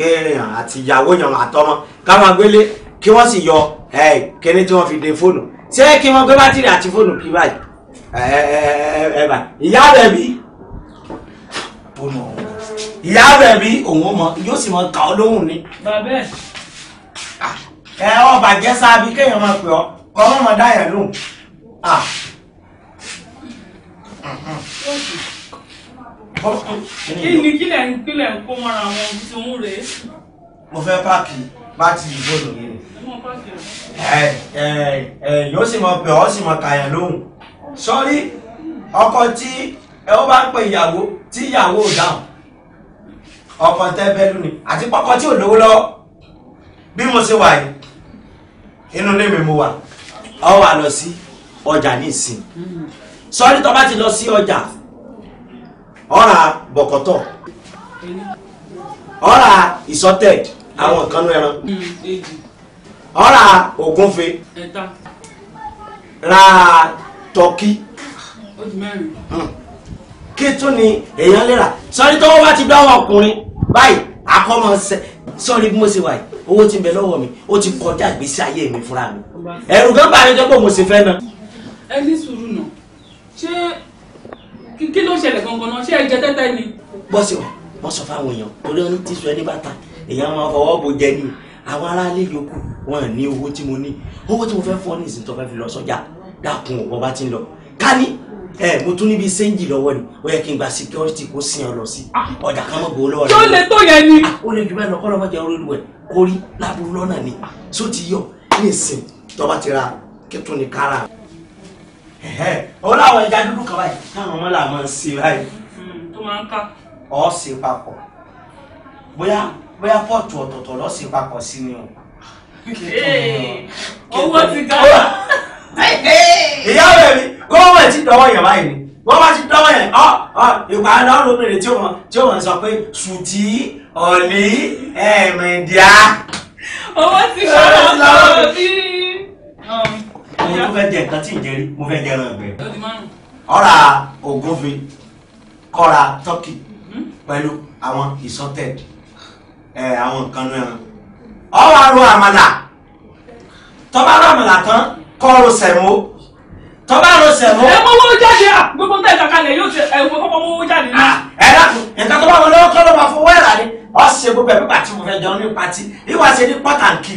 kẹrin àti ìyàwó yàn àtọmọ ká máa gbélé kí wọ́n sì yọ kíní tí wọ́n fi de fóònù ṣé kí wọ́n gbé bátìrì àti fóònù kí báyìí ẹ bá ìyá rẹ̀ bí ìyá rẹ̀ bí òun mọ yóò sì mọ kà ọ́ lóhùn ni. ẹ ọ bàjẹ́ sáábì kéèyàn máa pè ọ́ ọmọ ọmọ dáyà lóhùn kí ni kílẹ̀ ń kílẹ̀ ń kó mọ́ra wọn tí òun rè é. mo fẹ́ páàkì láti ìbòdò yìí yóò sì mọ pé ọ sì mọ kàyàn lóhùn sọrí ọkọ tí ẹ ó bá ń pè ìyàwó tí ìyàwó ò dáhùn ọkọ tẹ́bẹ́lú ni àti pọ́kọ tí ò lówó lọ́wọ́ bí mo ṣe wà yìí inú ilé mi mo wà ọ wà lọ sí ọjà ní sọrí tó bá ti lọ sí ọjà ọ̀rà bọ̀kọ̀tọ̀ ọ̀rà ìsọtẹ̀d àwọn ìkànnú ẹran hmm, ọ̀rà ògúnfe ra tọ́kí hmm. kí tún ni èèyàn lè rà sọ́ni tọ́wọ́ bá ti dáwọ́ ọkùnrin báyìí akọ́mọ sẹ́ sọ́ni bí mo ṣe wà yìí owó tí bẹ lọ́wọ́ mi ó ti kọjá ìgbésí ayé mi fúnra mi ẹ̀rù kan bá mi jẹ́ pé mo ṣe fẹ́ náà. ẹni sùúrù náà ṣé kí ló ṣẹlẹ̀ gangan náà ṣé ẹ jẹ tẹ́tẹ́ ni. bọ́sì ọ wọ́n sọ fáwọn èèyàn torí wọn ti sọ ẹni bàtà èèyàn máa fọwọ́ bo jẹ ni àwọn aráalé yòókù wọn ní owó tí mo ní owó tí mo fẹ́ fún ọ ní ìsìn tó fẹ́ fi lọ sọ́jà dákun ò bọ́ba ti ń lọ ká ní ẹ mo tún níbi sẹ́ńjì lọ́wọ́ ni ó yẹ kí n gba security kó sin ọ lọ sí ah. ọjà kan mọ̀ gbó lọ́wọ́ rẹ. yóò lè tó yẹn ni. Ah, ó lè jù bẹ́ẹ̀ lọ kọ́lọ́ mọ̀jẹ̀ olólùwẹ̀ kórí lábúrú lọ́nà ni só ah. ti yọ ní ìsìn tọ́ba ti ra kí tún ní kára òun láwọn ẹja dúdú kan báyìí táwọn ọmọ làwọn máa ń ṣe báyìí. Hmm, tó máa ń ká. ọ ṣe papọ̀ bóyá bóyá pọ́ọ̀tù ọ̀tọ̀ọ̀tọ̀ lọ ṣe papọ̀ sí ni o. owó ti ga. ìyá rẹ̀ mi kó wọ́n ti dọ́wọ́ yẹn báyìí ni wọ́n bá ti dọ́wọ́ yẹn ọ́ ọ́ ìgbà náà lóbìnrin tí ó mọ̀ tí ó sọ pé sùtì ọ̀lì ẹ̀mẹ̀díà. owó ti ṣọ́nà ọ̀tọ̀ bí mo tún fẹ́ jẹ nǹkan tí ń jẹ rí mo fẹ́ jẹ ẹran ìgbẹ́. ọ̀rà ògúnfe kọ́ra tọ́kì hmm? pẹ̀lú àwọn ìsọ́tẹ̀ ẹ̀ àwọn nǹkan nú ẹran. ọ̀rọ̀ àrò àmàlà tọ́ba àrò àmàlà tán kọ́rọ̀ sẹ̀mó tọ́ba àrò sẹ̀mó. ẹ mọ owó jáde à gbogbo tẹ̀ ìtàkalẹ̀ yóò ṣe ẹ̀wọ̀n kọ́kọ́ mọ owó jáde náà. ẹ dákun nǹkan tó bá wọn lọ́wọ́ kọ́ ló máa fowó ẹ̀ rà ni ọ̀ ṣe gbogbo ẹ̀ pípa tí mo fẹ́ jẹun ní pati ìwà ṣe ní pọ́tàǹkì.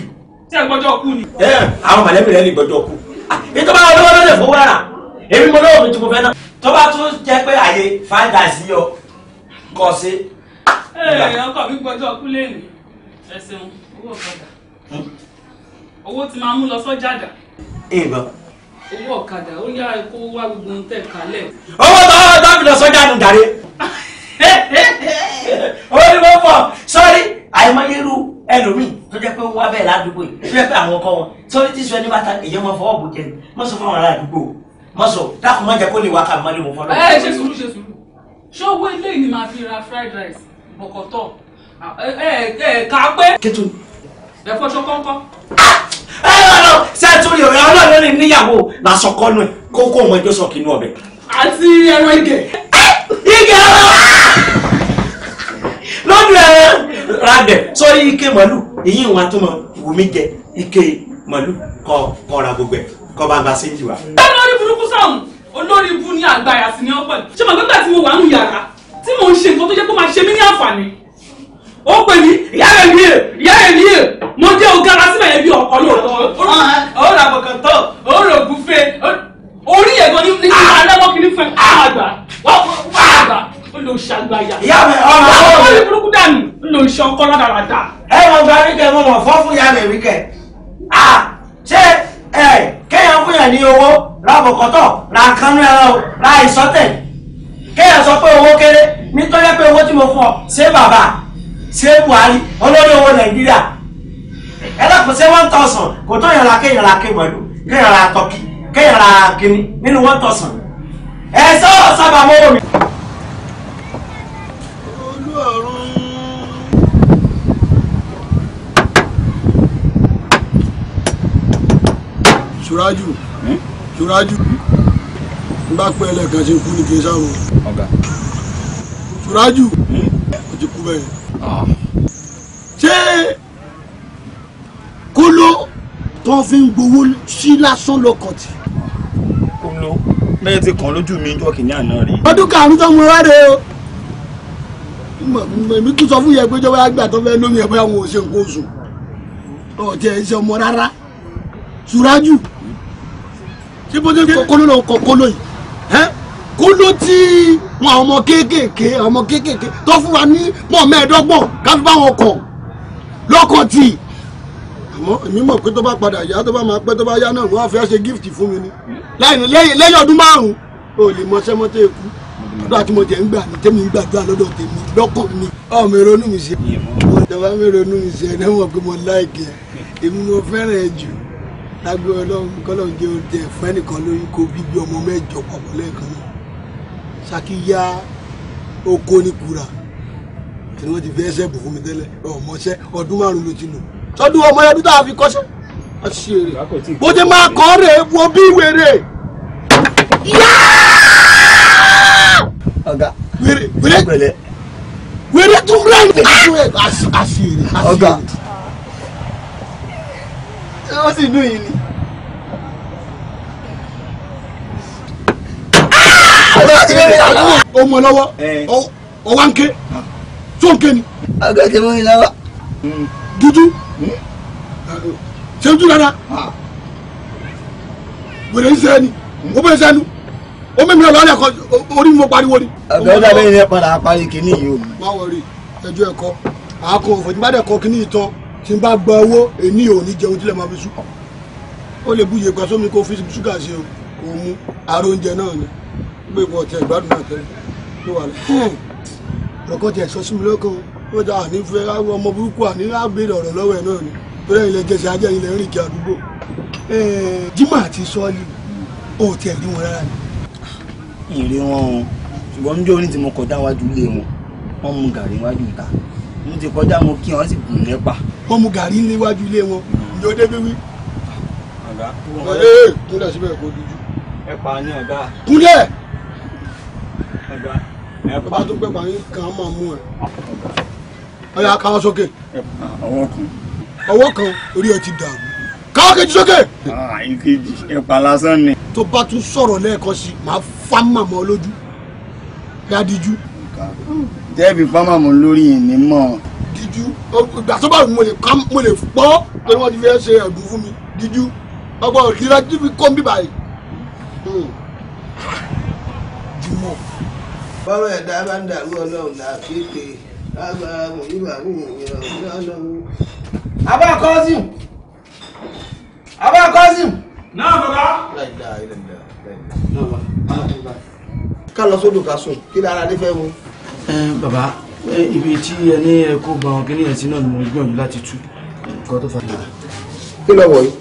tí ẹ gbọ́dọ̀ kú ni. ẹ àwọn mọ̀lẹ́bí rẹ ní gbọ́dọ̀ kú ìtọ́ bá wọn lọ́wọ́ lọ́dẹ̀ fowó rà èmi mo lọ́wọ́ mi tí mo fẹ́ náà tó bá tún jẹ́ pé àyè fáńdà yọ kọ́ sí. ẹ ọkọ mi gbọ́dọ̀ kú lẹni ẹ ṣeun owó ọ̀kadà hmm? owó ti máa mú lọ sọ́jà ìbọn. owó ọ̀kadà ó yá kó wá gbogbo ohun tẹ̀ kálẹ̀. owó tó owó tó fi lọ sọ́jà nù dàrí. owó ni mo fọ sọ́rí àìmọye irú ẹlòmíì tó jẹ́ pé ó wá bẹ́ẹ̀ ládùúgbò yìí tó jẹ́ pé àwọn ọkọ wọn sọ́rí tí sọ ẹni bá ta èyí ọmọ fọwọ́ bò jẹ mọ́ sọ fáwọn ará àdúgbò mọ́ sọ dákun má jẹ́ kó lè wá kà mọ́lé wọn fọlọ́. ẹ ṣe sùúrù ṣe sùúrù ṣé owó ilé yìí ni màá fi ra fried rice bọ̀kọ̀tọ̀ ẹ ẹ kà á pé. kẹtù. ẹ̀fọ́ ṣọ kọ́ńkọ́. ẹ ah! ẹ lọ sẹ́túrì ọ̀rẹ́ ọlọ́run níyàwó làṣọkọ́nù ẹ̀ kókó ọmọ ẹjọ́ sọ kìnnú ọbẹ̀. àti ẹran igẹ̀. igẹ̀ ọ̀rọ̀ lọ́dún ẹ̀rọ ragẹ̀ sórí ike màlúù èyí ìwọ̀n àtúmọ̀ wùmí jẹ ike màlúù kọ kọra gbogbo ẹ̀ kọ bá ń ba séjì wa. bẹ́ẹ̀ lórí burúkú sọ̀hún olórí ibu ní àgbàyà sí ni ó pẹ̀lú ṣé màá gbẹ́gbẹ́ tí mo wà ń yàrá tí mò ń ṣe nǹkan tó jẹ́ pé máa ṣe mí ní àǹfààní. ó pè mí ìyá rẹ̀ ní è ìyá rẹ̀ ní è mo jẹ́ ogara síbẹ̀ yẹn bí ọkọ lóòótọ́ ó rà bọ̀kàn tán ó rò gúfe orí ẹ̀gbọ́n ní ní àlẹ́ wọ́n fẹ́ àgbà wọ́n àgbà olùṣàgbàyà. ìyá mi ọmọ àwọn olè burúkú dànù olùṣàn kọ́lá dáradá. ẹ mọ gba wíkẹ mo mọ fọ fún ìyá mi wíkẹ ṣé ẹ kéèyàn fún yàn ní owó ra bọ̀kọ̀tọ̀ ra kanú ẹran o ra ìsọtẹ̀ kéèyàn sọ pé owó kéré nítorí pé owó tí mo fún ọ ṣé bàbá ṣé Buhari olórí owó Nàìjíríà ẹ lọ́kùn ṣé one thousand kò tó yàrá kéèyàn ra kéèmọ̀lú kéèyàn ra tọ́kì kéèyàn ra kínní nínú one thousand ẹ sọ sábà mọ́wọ́ mi. ṣùrájù hmm? ṣùrájù n bá pẹ́ ẹlẹ́kan ṣe kú ní kí n sáwọn. ṣùrájù hmm? ó ti kú bẹ́ẹ̀. Ah. ṣé kóló tó fi ń gbowó sí lásán lọ́kọ̀tì. kóló bẹ́ẹ̀ ti kàn lójú mi jọ́ kìnìún àná rí. ọdún karùn-ún tó mú wá rè o èmi tún sọ fún yẹn pé jọba àgbà tó fẹ́ lómi ẹ̀ bóyá wọn ò ṣe nǹkan oṣù ọ̀tí ẹ̀ ṣe ọmọ rárá ṣùrájù ibo ní kókóló ló ń kókóló yìí ẹ kóló tí wọn ọmọ kéékèèké ọmọ kéékèèké tó fún wa ní mọ mẹ́ẹ̀ẹ́dọ́gbọ̀n káfí báwọn kọ lọkọ tì àmọ́ èmi mọ̀ pé tó bá padà yá tó bá máa pẹ́ tó bá yá náà wọn á fẹ́ ṣe gift fún mi ni lẹ́yìn lẹ́yìn ọdún márùn o lè mọ sẹmọtẹ ikú ọdún àti mọtẹ ń gbà ní tẹmí ń gbàdúrà lọ́dọ̀ tèmi lọ́kàn mi ọmọ ìrònú mi ṣe ìjọba mi ìrònú mi ṣe ẹni wọn pé mo láìkẹ èmi mo fẹ́ràn ẹ jù lágbára ọlọ́run kọ́lọ́ jẹ́ oúnjẹ fún ẹnìkan lórí kó bíbí ọmọ mẹ́jọ papọ̀ lẹ́ẹ̀kan náà ṣàkíyá oko ní kura tí wọ́n ti fi ẹsẹ̀ bò fún mi tẹ́lẹ̀ ọmọọṣẹ́ ọdún márùn-ún ló ti lò sọdún ọmọ ẹdún tá a fi kọ́ṣẹ́ ọṣẹ́rè bó ti máa kọ́ rèé wọ bí wèrè ọ̀gá wèrè wèrè wèrè tún rẹ̀ ní àṣírí àṣírí ó sì dùn yìí ni. ọmọ lọ́wọ́ ọwọ́ ń ké tó ń ké ni. ọgá tí mo ń lọ́wọ́. dúdú ṣé ń dún dada wèrè ń sẹ́ni ó bẹ̀rẹ̀ sẹ́nu ó mímú ọlọ́ọ̀lì ẹ̀kọ́ orí mi mo pariwo ni. ọ̀bẹ ọ̀dà bẹ́ẹ̀ ni ẹ padà parí kínní yìí o. má wọrí ẹjọ́ ẹ̀kọ́ àákò òfòjúmọ́dẹ̀kọ́ kínní yìí tán tí n bá gba owó èmi ò ní jẹun tílẹ̀ máa fi sùn ó lè bú yèpẹ̀ sómi kó fi ṣúgà ṣe kò mu àrò oúnjẹ náà ni gbé ìwọ ọ̀tẹ̀ ìgbádùn náà tẹ́lẹ̀ ló wà lẹ́yìn ọkọ̀ tẹ̀ sọ sí mi lọ́kàn ó dá àní fẹ́ ọmọ burúkú àní lábẹ́rẹ̀ ọ̀rọ̀ lọ́wọ́ ẹ̀ náà ni torí ilẹ̀ jẹsẹ̀ ajẹ́ ilẹ̀ rìn kí àdúgbò jimá àti sọ́ọ̀lì ó tẹ̀ rí wọn rárá ni. ìrè wọn o ṣùgbọ́n níjọ́ ní tí mo kọ̀ dáwájú lé wọn wọ́n mú gàrí wájú ìta mo ti kọjá mo kí wọn sì gùn nípa. wọ́n mu gàrí níwájú ilé wọn ìjọ débi wí. ọ̀gá kúnlẹ̀ síbẹ̀ kó dúdú. ẹ pa ni ọ̀gá. kúnlẹ̀. ọ̀gá ẹ pa. bàbá tó pẹ́ pàmí kan máa mú ẹ. ọ̀yà káwọn sókè. ọwọ́ kan. ọwọ́ kan orí ẹ ti dààmú káwọn kejì sókè. ìkejì ẹ̀pà lásán ni. tó bá tún sọ̀rọ̀ lẹ́ẹ̀kan sí i máa fá màmá olójú dáadíjú tẹ́ẹ̀fì pamọ́ mọ́ lórí ìní mọ́. díjú ìgbà tó bá wù mo lè pa mo lè pọ́ torí wọ́n ti fi ṣe ẹ̀dùn fún mi díjú ọgbà òdìrà díjú fi kó mi báyìí. Hmm. jùmọ̀. bọ́rọ̀ ẹ̀dá bá ń dàrú ọlọ́run là kéèké lágbà mọ̀nìbàrú ìrọ̀lẹ́ ọlọ́run. abá kọ́sìm abá kọ́sìm. náà bàbá. láì dáa ilẹ̀ ń dáa láì dáa. ká lọ sódò ká sùn kí lára adé fẹ́ wo bàbá ibi tí ẹ ní ẹ kó ba àwọn kíní ẹ̀sìn náà ni mo gbìyànjú láti tú nǹkan tó fà á. kí ló wọ̀ yìí.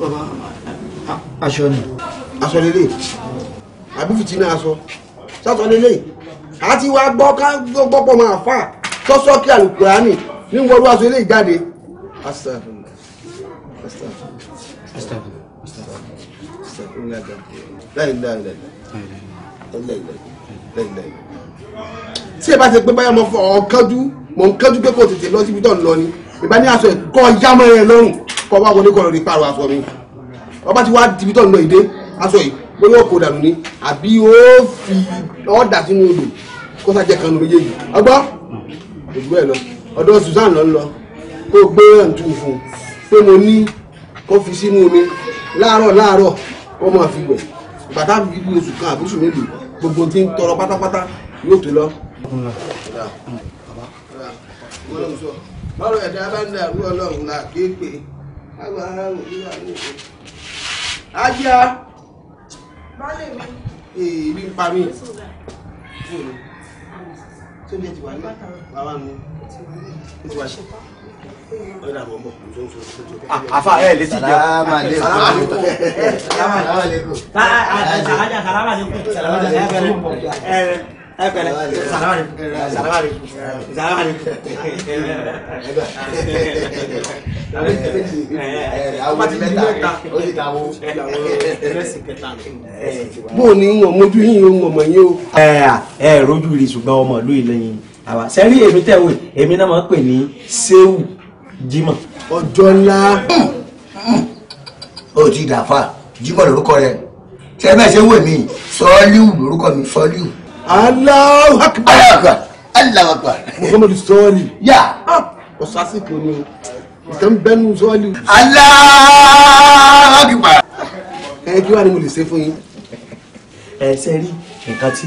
bàbá aṣọ ni. aṣọ lélẹ̀ àbí fìtínà aṣọ sásọ a àti wàá gbọ́ ká gbọ́ pọ̀ máa fà sọ́sọ́ kí àlùkùránì ní wọ́n wá aṣọ eléyìí jáde. astagfirullah astagfirullah astagfirullah astagfirullah láìláìláì láìláìláì lẹ́yìn tí ẹ bá ti pé báyọ̀ mo fọ ọ̀kánjú mo ń kánjú pé kò tètè lọ síbi tó ń lọ ni ìbá ní aṣọ ìkọ́ yámọ́ ẹ lọ́rùn kọ́ wá wọlé kọ́rin pààrọ̀ aṣọ mi ọba ti wá dibi tó ń lọ ìdé aṣọ yìí bóyá òkò dànù ni àbí ó fi ọ̀dà sínú odò kó sàjẹ́ kan nu méjèèjì ọgbọ́ òdùbọ̀ ẹ̀ lọ ọ̀dọ̀ Susan lọ ń lọ kó gbé ẹ̀ǹtù fún un pé mo ní kó fi sínú omi láàárọ̀ láàárọ̀ kó máa fi wẹ̀ bàtà bíbí gbogbo tí ń tọrọ pátápátá yóò tó lọ. bọ́lá ẹ̀dá bá ń dàrú ọlọ́run là kéèpé àwọn ará wò ní àwọn òkè. ajá. bọ́lá mi. èèbí ń pa mí. tó lè ti wà ní bàbá mi. ó ti wà ṣe afa ẹ lè ti jẹ salama aleykum salama aleykum salama salama aleykum ẹ salama aleykum salama salama aleykum awo ti mẹ́ta o ti ń wọ mojú yín ń wọ mọ yín o. ẹ rojú rí ṣùgbọ́n ọmọ ìlú ìlẹyìn àwa sẹ́rí èmi tẹ̀wé èmi náà máa ń pè ní sẹ́wù. Jímọ̀. Ọjọ́lá ó ti dàfà Jímọ̀ lórúkọ rẹ ṣe bẹ́ẹ̀ ṣe wè mí sọ́ọ́líù lórúkọ mi sọ́ọ́líù. Allahu akbar Allahu akbar. Muhammadu sọ́ọ́lì. Yà. Ah, ọ̀sásìkò ni ìtàn bẹ́nu sọ́ọ́líù. Allahu akbar. Ẹ eh, kí wàá ni mo lè ṣe fún yín. Eh, ẹ ṣe rí nǹkan tí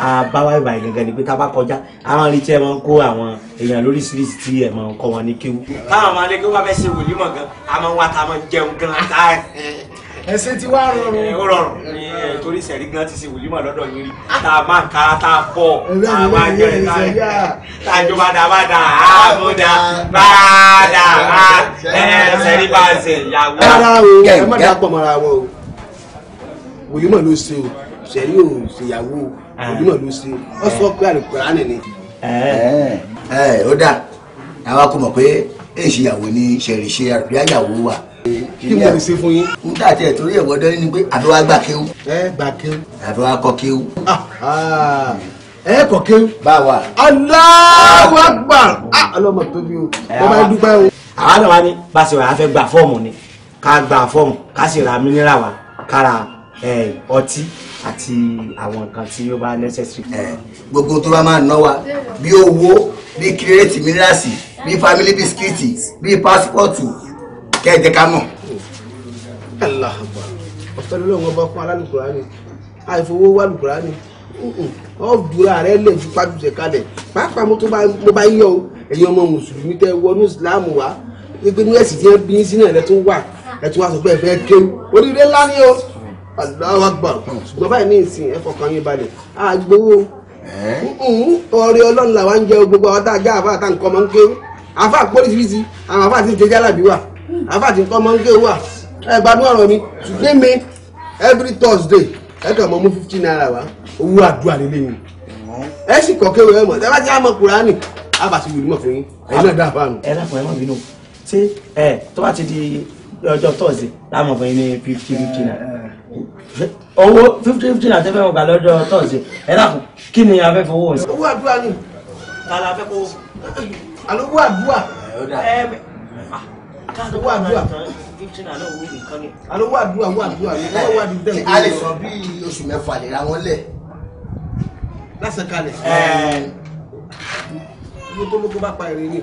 àbáwá ìbà gangan ni pé tá a bá kọjá àwọn irinṣẹ́ máa ń kó àwọn èèyàn lóríṣiríṣi tí ẹ̀ máa ń kọ́ wọn ní kéwú. táwọn ọmọ alẹ́ kí fẹ́ ṣe wòlíì mọ̀ gan àmọ́ wa ta máa ń jẹun gan láàá ẹsẹ ti wá rọrùn. ó rọrùn torí sẹ̀rí gan ti ṣe wòlímọ̀ lọ́dọ̀ yín rí ah. tá a máa ń kára tá a fọ́ tá a máa jẹ́ tá a jọba dá bá dá a mú dá bá dá a sẹ̀rí bá ṣe ìyàwó. ẹ má dá pọ̀ mọ́ra òun ah. náà ló ṣe ó sọ pé àlùkùránì ni. Eh. Eh, eh, ó dà àwa kò mọ̀ pé èsì ìyàwó ni ṣèrìṣe àríyáyàwó wa. kí mo lè ṣe fún yín. n tà tiẹ̀ torí ẹ̀wọ́ dání ni pé àbí wàá gbà kéwú. ẹ gbà kéwú. àbí wàá kọ kéwú. ẹ kọ kéwú. báwa. Allahu Akbar ah, ọlọ́mọ tóbi o bàbá ẹ dúpẹ́ o. àwa náà wá ní bá a ṣe wà á fẹ́ gba fọ́ọ̀mù ni ká gba fọ́ọ̀mù ká sì ra mínírà wa kára ọtí àti àwọn nǹkan tí ó bá necessary. gbogbo tó bá máa ná wa bí owó bí kírẹ́tì mírasì bí family bisikíìtì bí pásítọ̀tù kẹ́ẹ̀jẹ̀ ká mọ̀. aláàbà ọ̀pẹ ló lóun ọba fún alálùkùránì àìfowó wàlùkùránì ọ̀dùnrà rẹ̀ lè ju pàjùṣe kalẹ̀ pàápàá mo bá yọ o ẹ̀yin ọmọ mùsùlùmí tẹ́ wọnú ìsìláàmù wa nígbẹ́ ní ẹ̀sìn tí wọ́n bí sínú ẹ̀ lẹ́tún wà lẹ́tún wà sọ pé ẹ fẹ́ kéwù oríire ńlá ni o. Allahu Akbar ṣùgbọ́n báyìí ní ìsìn ẹ fọkàn yín balẹ̀ àgbowó mm-hmm. ọ̀rẹ́ ọlọ́run làwọn ń jẹ gbogbo àwọn tá a já àfa àtà máa ń ké àfa àpólísìírísì àwọn àfa àti ìjẹjẹ alábí wà àfa àti nǹkan máa ń ké wà ẹ gbádùn ọ̀rọ̀ mi today me every Thursday ẹ kàn mọ mú fifty naira wá owó àdúrà lélẹ́yìn ẹ sì kọ́ kéwòn ẹ mọ̀ ẹ bá ti á mọ Kùránì àbàtì ìlú mọ̀ fún yín ẹ̀yin náà dáa fáànù. ẹ dákun ẹ má bínú ṣé ẹ tó bá ti di ọjọ́ Thursday láàmú fún yín ní fifty fifty naira owó fifty fifty náà tẹ́fẹ́ wọn gbà lọ́dọ̀ tọ́sí ẹ dákun kí ni a fẹ́ fọwọ́ sí. owó àdúrà ni ta la fẹ́ kó alo owó àdúrà ah, owó àdúrà alo owó àdúrà owó àdúrà ni owó àdúrà ni dẹ́nu. a lè sọ bí oṣù mẹ́fà lè ra wọn lẹ̀. lásìkò kalẹ̀. ibi tó lóko bá pa èrè ni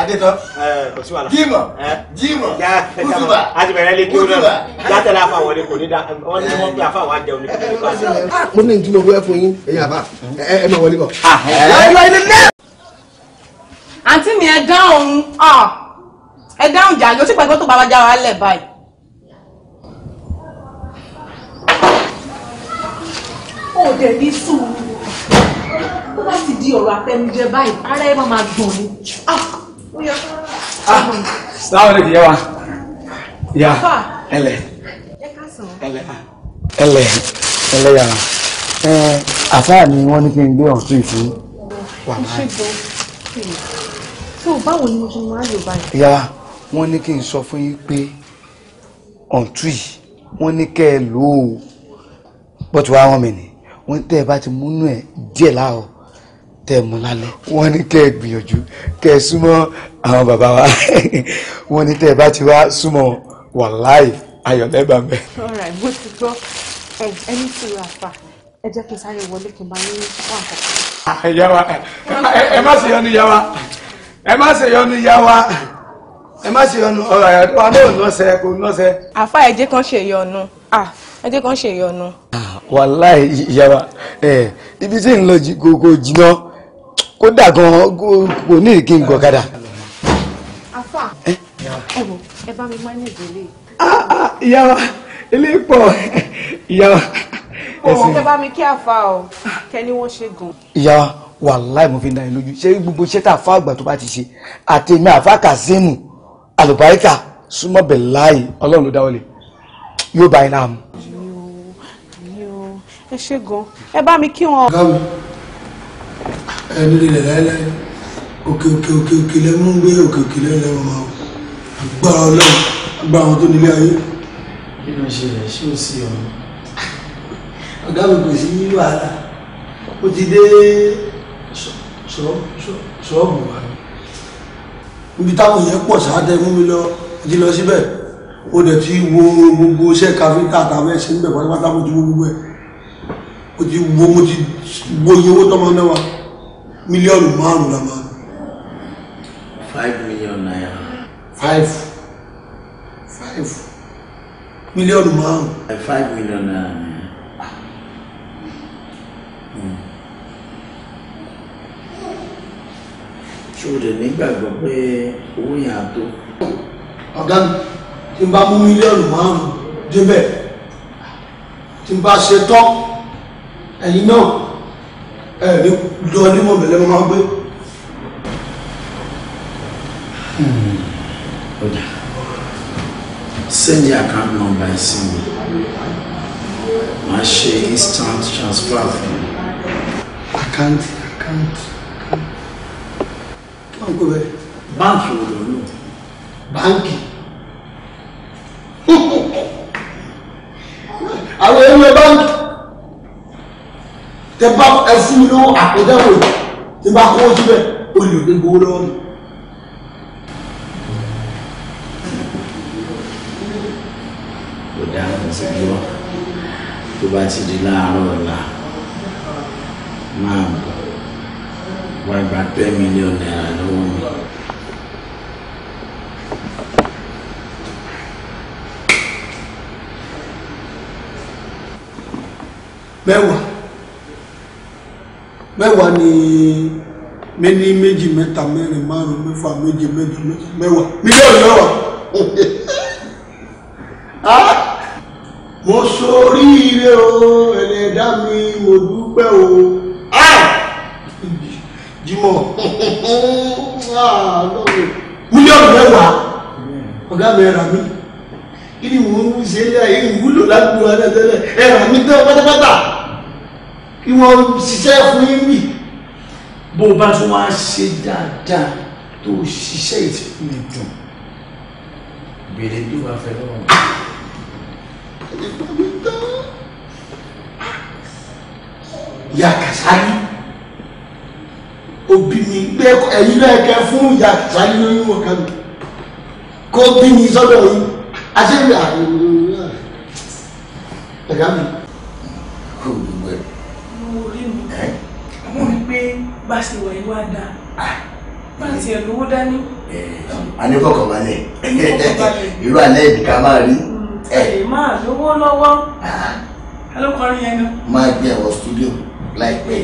adetọ jimọ jimọ kutuba a ti bẹ̀rẹ̀ lé kí o lọ látẹ la fa wọlé kò ní da wọn ní wọn bí a fa wà jẹun ní kí o lọ. ko ne ntino ko ẹ fún yín ẹ̀yin àbá ẹ ẹ ma ah, wọlé bọ̀. àǹtí mi ẹ dáhùn ah, ẹ dáhùn jàre o ti pàgbọ́ tó bá wa já wa lẹ̀ báyìí. ó dẹ̀ ní sùúrù ó bá ti di ọ̀rọ̀ àtẹnujẹ báyìí ara ẹ máa gbọ̀n ni. Ah, ah, báwo ni ìyá wa ìyá ẹlẹ ẹlẹ ẹlẹ ẹlẹ yàrá àfáà ni wọ́n ní kí n gbé ọ̀tún ìfún wà máa tó báwo ni mo ṣe máa lò báyìí. ìyá wọ́n ní kí n sọ fún yín pé ọ̀tún yìí wọ́n ní kẹ́ ẹ lò ó bọ́tù wá wọ́n mi ni wọ́n tẹ́ ẹ bá ti múnú ẹ díẹ̀ láàárọ̀ tẹ́ ẹ mú lálẹ́. wọ́n ní kẹ́ ẹ gbìyànjú kẹ́ ẹ súnmọ́ àwọn bàbá wa wọ́n ní tẹ́ ẹ bá ti wá súnmọ́ wàláì ayọ̀lẹ́ bá mo ti gbọ́ ẹni tí ìlú àfà ẹ jẹ́ kí n sáré wọlé kí n bá yín wà kọ́kọ́. ìyá wa ẹ má ṣe yọnu ìyá wa ẹ má ṣe yọnu ìyá wa ẹ má ṣe yọnu ọ̀rọ̀ àyàdó wa náà nọ́ọ̀sẹ̀ kò nọ́ọ̀sẹ̀. àfà ẹ jẹ́ kán ṣe yọnu ah, ẹ jẹ́ ṣe yọnu. Ah, wàláì ìyá ibi tí ń lọ kò jìnnà kódà gan kò ní ìkí ń gọ̀kadà. afa ẹ wo ẹ bá mi manage ilé. Ah, ah, ìyá wa ilé pọ̀ ìyá wa. òun kẹ bá mi kí àfa o kẹ ni wọ́n ṣe gan. ìyá wa wàláì mo fi ń dá yín lójú ṣé gbogbo iṣẹ́ tá a fa àgbà tó bá ti ṣe àtẹ̀mí àfa kazeemu àlùbáríkà súnmọ́ bẹ̀ láàyè ọlọ́run ló dáwọ́lé yóò bá yín láàmú. ẹ ṣe gan ẹ bá mi kí wọn ẹni rẹ̀ láíláí òkè òkè òkè òkè lẹ́mú gbé òkè òkè lẹ́lẹ́ wọn máa agbára ọlọ́run agbára wọn tó nílé ayé. kí ló ń ṣe rẹ̀ ṣé o sì ọ̀run ọ̀gá mi kò sí wàhálà ó ti dé ṣọ́ọ̀bù wa níbi táwọn yẹn pọ̀ sáadẹ́ mú mi lọ ti lọ síbẹ̀ o dẹ̀ ti wo gbogbo iṣẹ́ káfíńtà tàbí ẹ̀ṣẹ̀ níbẹ̀ pátápátá mo ti wo gbogbo ẹ̀ mo ti wo mo ti wo iye owó tọ́mọ náà wa mílíọ̀nù márùn-ún la máa. five million naira. five five mílíọ̀nù márùn-ún. five million naira. ṣòro nígbàgbọ́ pé owó yẹn á tó. ọ̀gá mi tí n bá mú mílíọ̀nù márùn-ún débẹ̀ tí n bá ṣe tán ẹ̀yin náà ẹ̀ ní lọ nímọ̀ mẹ́lẹ́ máa gbé. sẹ́ndì àkáǹtì nọ́mbà ẹ̀ sí mi máa ṣe instant transfer fún mi. àkáǹtì àkáǹtì kí wọ́n kó bẹ́ẹ̀. báńkì wo ló ń lò. báńkì àwọn ewúrẹ́ báńkì tẹ bá ẹ fún mi lówó àpéjẹ́wò tí bá kówó síbẹ̀ o lè ní gbowó lọ́wọ́ mi. kò dáa kò sí bí wọ́n tó bá ti di láàárọ̀ ọ̀la máa bọ̀ wá gba ten million naira lọ́wọ́ mi. mẹ́wàá mẹ́wàá ni méní méjì mẹ́ta mẹ́rin márùn mẹ́fà méje mẹ́jọ mẹ́wàá mílíọ̀nù mẹ́wàá. Ah! mo ṣoríire o ẹlẹ́dá mi mo dúpẹ́ o ah! Jímọ̀ ah, mílíọ̀nù mẹ́wàá ọ̀gá mi ẹ̀rà mi kí ni mò ń wú sí ẹ̀yà ìwúlò lágbo ara tẹ́lẹ̀ ẹ̀rà mi tẹ́ pátápátá ìwọ̀n ṣiṣẹ́ fún yín bì bó o bá tún wá ṣe dáadáa tó o ṣiṣẹ́ ìtìkùn ìdùn béèrè tó bá fẹ́ lọ́wọ́. ìyá Kàsálí òbí mi gbé ẹ̀yìn náà kẹ fún ìyá Kàsálí lóyún ọ̀gá mi kó bí mi sọ́dọ̀ yìí àṣírí àwọn ọ̀gá mi. bá ṣe wà yìí wá dáa bá ti ẹ̀ lówó dání. anífọ̀kànbalẹ̀ irú alẹ́ ìdíkà máa rí. Hmm. ẹ máa lówó lọ́wọ́ alókọrin yẹn náà. máa gbé ẹ̀wọ̀ studio láìpẹ́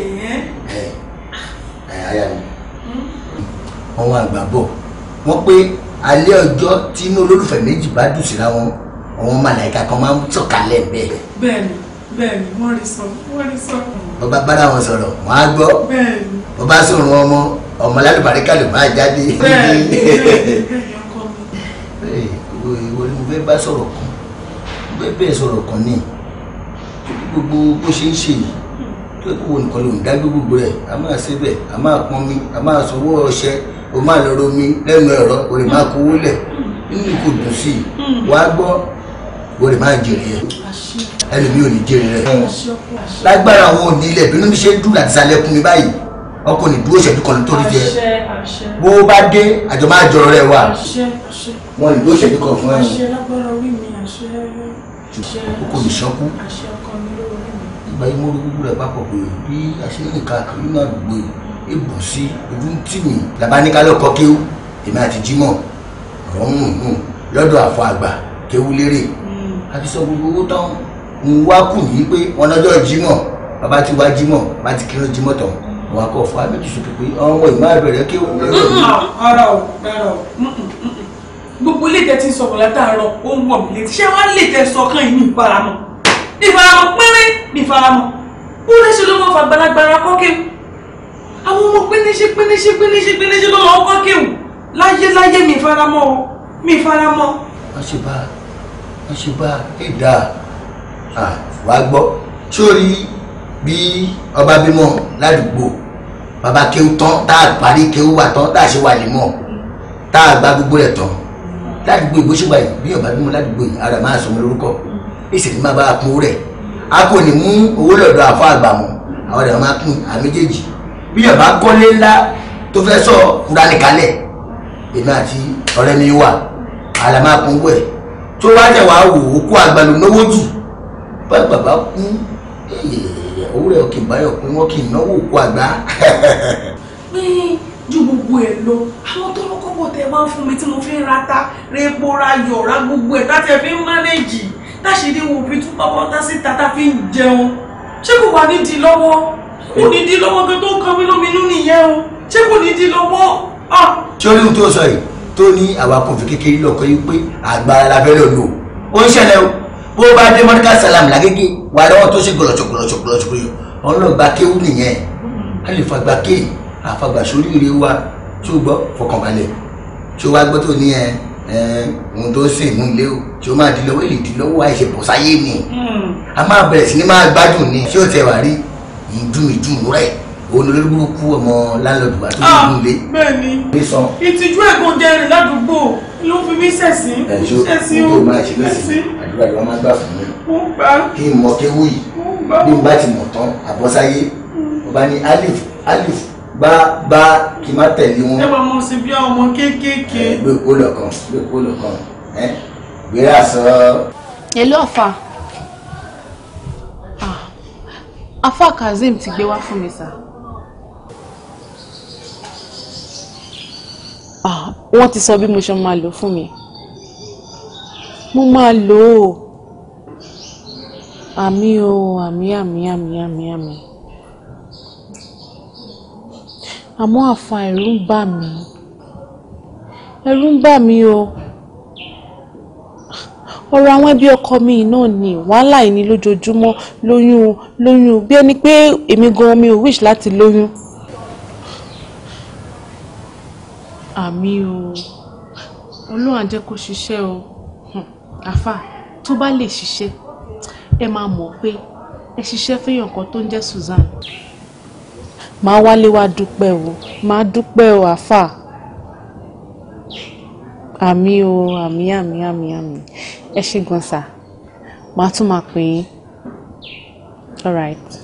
àyà mi àwọn hmm. àgbà bọ̀ wọ́n pé alẹ́ ọjọ́ tí inú olólùfẹ́ méjì bá dùn síra wọn àwọn màláìka kan máa ń sọ̀kalẹ̀ bẹ́ẹ̀. bẹ́ẹ̀ni bẹ́ẹ̀ni wọn rí sọ wọn rí sọ wọ́n bá bára wọn sọ̀rọ̀ wọ́n á gbọ́ wọ́n bá sọ̀rọ̀ ọmọ lálùbáríkà ló máa jáde. ìwọ mo fẹ́ bá sọ̀rọ̀ kan mo fẹ́ bẹ́ẹ̀ sọ̀rọ̀ kan ní gbogbo bó ṣe ń ṣe yìí tó kó wo nìkan ló ń dágbé gbogbo rẹ̀ a máa ṣe bẹ́ẹ̀ a máa pọn mi a máa sanwó ọṣẹ o máa lọ romi lẹ́nu ẹ̀rọ o máa kówó lẹ̀ nínú hmm. kò dùn sí i hmm. wàá gbọ́ o lè máa jèrè yẹ ẹlòmí ò ní jèrè rẹ lágbára àwọn òní ilẹ̀ bínú mi ṣe ń dùn láti sálẹ̀ kún mi báyìí ọkọ ní dúró ìṣẹ́jú nítorí jẹ bó bá dé àjọ máa jọrọ rẹ wà wọn ní dúró ìṣẹ́jú fún ẹ o kò ṣọkú ìgbà yìí mo rí gbogbo rẹ papọ̀ pé bí àṣírí káàkiri nínú àdúgbò ibùn sí ojú ń tì mí làbáníkálẹ̀ kọ́ kéwú èmi àti Jímọ̀ ọ̀hún lọ́dọ̀ àfọ àgbà kéwú lérè àti sọ gbogbo owó tán ń wá kù yìí pé wọn lọ́jọ́ jímọ̀ bàbá ti wá jímọ̀ bá ti kírun jímọ̀ tán wọn kọ fún abẹ́tù sókè pé ọmọ ìmọ̀ àbẹ̀rẹ̀ kí wọn lọ́jọ́ yìí. ọ̀rọ̀ ọ̀rọ̀ gbogbo ilé tẹ ti sọ̀rọ̀ látàárọ̀ ó ń wọ̀ mí létí ṣé wọ́n lè tẹ sọ̀kan yìí ní ìfaramọ̀ ìfaramọ̀ péré ní ìfaramọ̀ ó léṣe ló mọ̀ fàgbàlagbàra kọ́kẹ́ àwọn ọmọ píníṣẹ́ píníṣẹ́ píníṣẹ́ píníṣẹ́ ló lọ́ọ́ kọ́kẹ́ láyé láyé mi ìfaramọ̀ mi ìfaramọ̀. wọ́n ṣe bá a wọ́n ṣe bá ẹ̀dá gbọ́ sórí bí ọba bímọ ládùúgbò bàbá kéwú tán tá a parí kéwú wà tán tá a ṣe wà lè tá a gba gbogbo rẹ̀ tán ládùúgbò ìbò ṣùgbọ́n yìí bí ọba bímọ ládùúgbò yìí ara máa sọmọ lórúkọ ìṣèlú máa bá a kún rẹ̀ a kò ní mú owó lọ́dọ̀ àfọ àgbà mọ́ àwọn ọ̀dọ̀ máa kún àmì méjèèjì bí ọba kọ́lé ńlá tó fẹ́ sọ kúránì èmi àti ọ̀rẹ́ mi wà àlàmà kún wẹ̀ tó wá jẹ wàá wò ó kó àgbàlù náwó jù bá bàbá kú òwúrẹ̀ òkè báyọ̀ pé wọ́n kì í náwó òkú àgbà. pé ju gbogbo ẹ lọ àwọn tọrọkọ́bọ̀ tẹ máa ń fún mi tí mo fi ń rata repo ra yọ̀ ra gbogbo ẹ̀ tá tẹ fi ń mánéèjì táṣìírí wo fi tún bá wọn dá síta tá fi ń jẹun ṣé kò wá ní di lọ́wọ́ kò ní di lọ́wọ́ gan tó ń kan mí lóminú nìyẹn o ṣé kò ní di lọ́wọ́. sórí ah! ohun tó sọ yìí tó ní àwa kò fi kékeré lọ́kọ́ yìí pé àgbára la fẹ́ lọ lò ó ń ṣẹlẹ̀ o bó bá dé mọ́ríkà sàlámù lágége wà lọ́wọ́ tó ṣe gbọ̀lọ̀ṣọ̀ gbọ̀lọ̀ṣọ̀ gbọ̀lọ̀ṣọ̀ yìí ọ̀n lọ gba kéwù nìyẹn a lè fagbá ké àfagbà sóríire wa tí o gbọ́ fọkànbalẹ̀ tí o wá gbọ́ tó ní ẹ ẹ ohun tó ń sìn mú ilé o tí o máa di lọ́wọ́ èlè di lọ́wọ́ àìṣe bọ̀ sáyé ni hmm. a máa bẹ̀rẹ̀ sí ni máa gbádùn ni ṣé o tẹ wà rí ìdùn ìdùn rẹ̀ olórúkú ọmọ láńlọ́dù àti olóògùn ah, ilé. bẹ́ẹ̀ni ìtìjú ẹ̀gbọ́n jẹrin ládùúgbò ló fi mí ṣẹ̀sìn ṣẹ̀sìn o ṣẹ̀sìn. àdúrà ni wọn máa gbà fún mi. mo gbà. kí n mọ kéwù yìí bí n bá ti mọ̀ tán àbọ̀sáyé hmm. ọba ní alif alif bá bá kí n má tẹ̀lé wọn. ẹ bá mọ sí bí ọmọ kéékèèké. gbé kó lọkàn gbé kó lọkàn gbé àṣọ. èlò ọ̀fà àfà ah, kazeem ti gbé wá fún mi sáà. Ah, wọ́n ti sọ bí mo ṣe máa lò fún mi mo máa lò ó àmì o àmì àmì àmì àmì àmì àmọ́ àfa ẹ̀rù ń bà mí ẹ̀rù ń bà mí o ọ̀rọ̀ àwọn ẹbí ọkọ mi náà ni wàhálà yìí ni lójoojúmọ́ lóyún lóyún bí ẹni pé èmi gan mi ò wish láti lóyún. àmì o ọlọ́run á jẹ́ kó ṣiṣẹ́ o hmm. àfà tó bá lè ṣiṣẹ́ ẹ máa mọ̀ pé ẹ ṣiṣẹ́ fẹ́yàn kan tó ń jẹ́ Susan máa wálé wá dúpẹ́ o máa dúpẹ́ o àfà àmì o àmì àmì àmì àmì ẹ ṣe gan sà máa tún máa pè yín all right.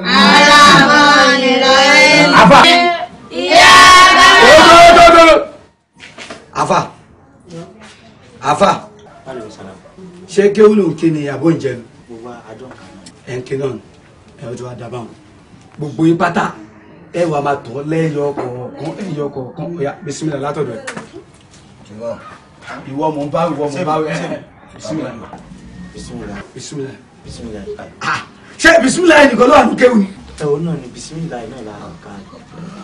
Afa, Afa. ṣé kéwùlù kí ni àbó ń jẹun ẹ̀ ń kí náà ẹ̀ ọjọ́ àdàbàwọ̀n gbogbo yín pátá ẹ wà máa tọ́ lẹ́yọ kọ̀ọ̀kan ẹ̀yọ kọ̀ọ̀kan ọ̀yà bisimilà látọ̀dọ̀ ẹ̀. ìwọ mò ń bá ìwọ mò ń bá ẹ bisimilà bisimilà bisimilà ah, ṣé bisimilà yìí ló wà ní kéwù. ẹ̀wọ̀n náà ni bisimilà náà là á kà á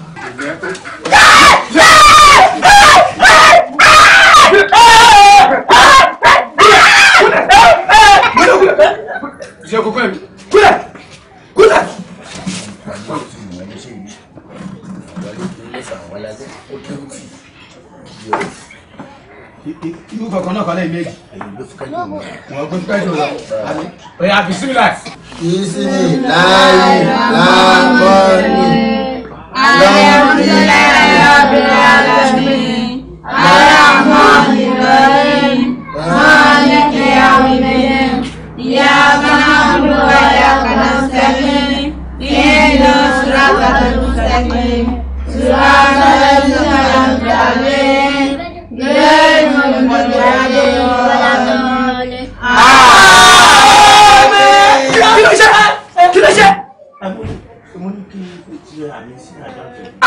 irú kankan náà kọ́lá ìmẹ́jì. wọ́n ni alhamdulillahi rabbil alamin arrahmanir rahim maliki yawmiddin iyyaka na'budu wa iyyaka nasta'in ihdinas siratal mustaqim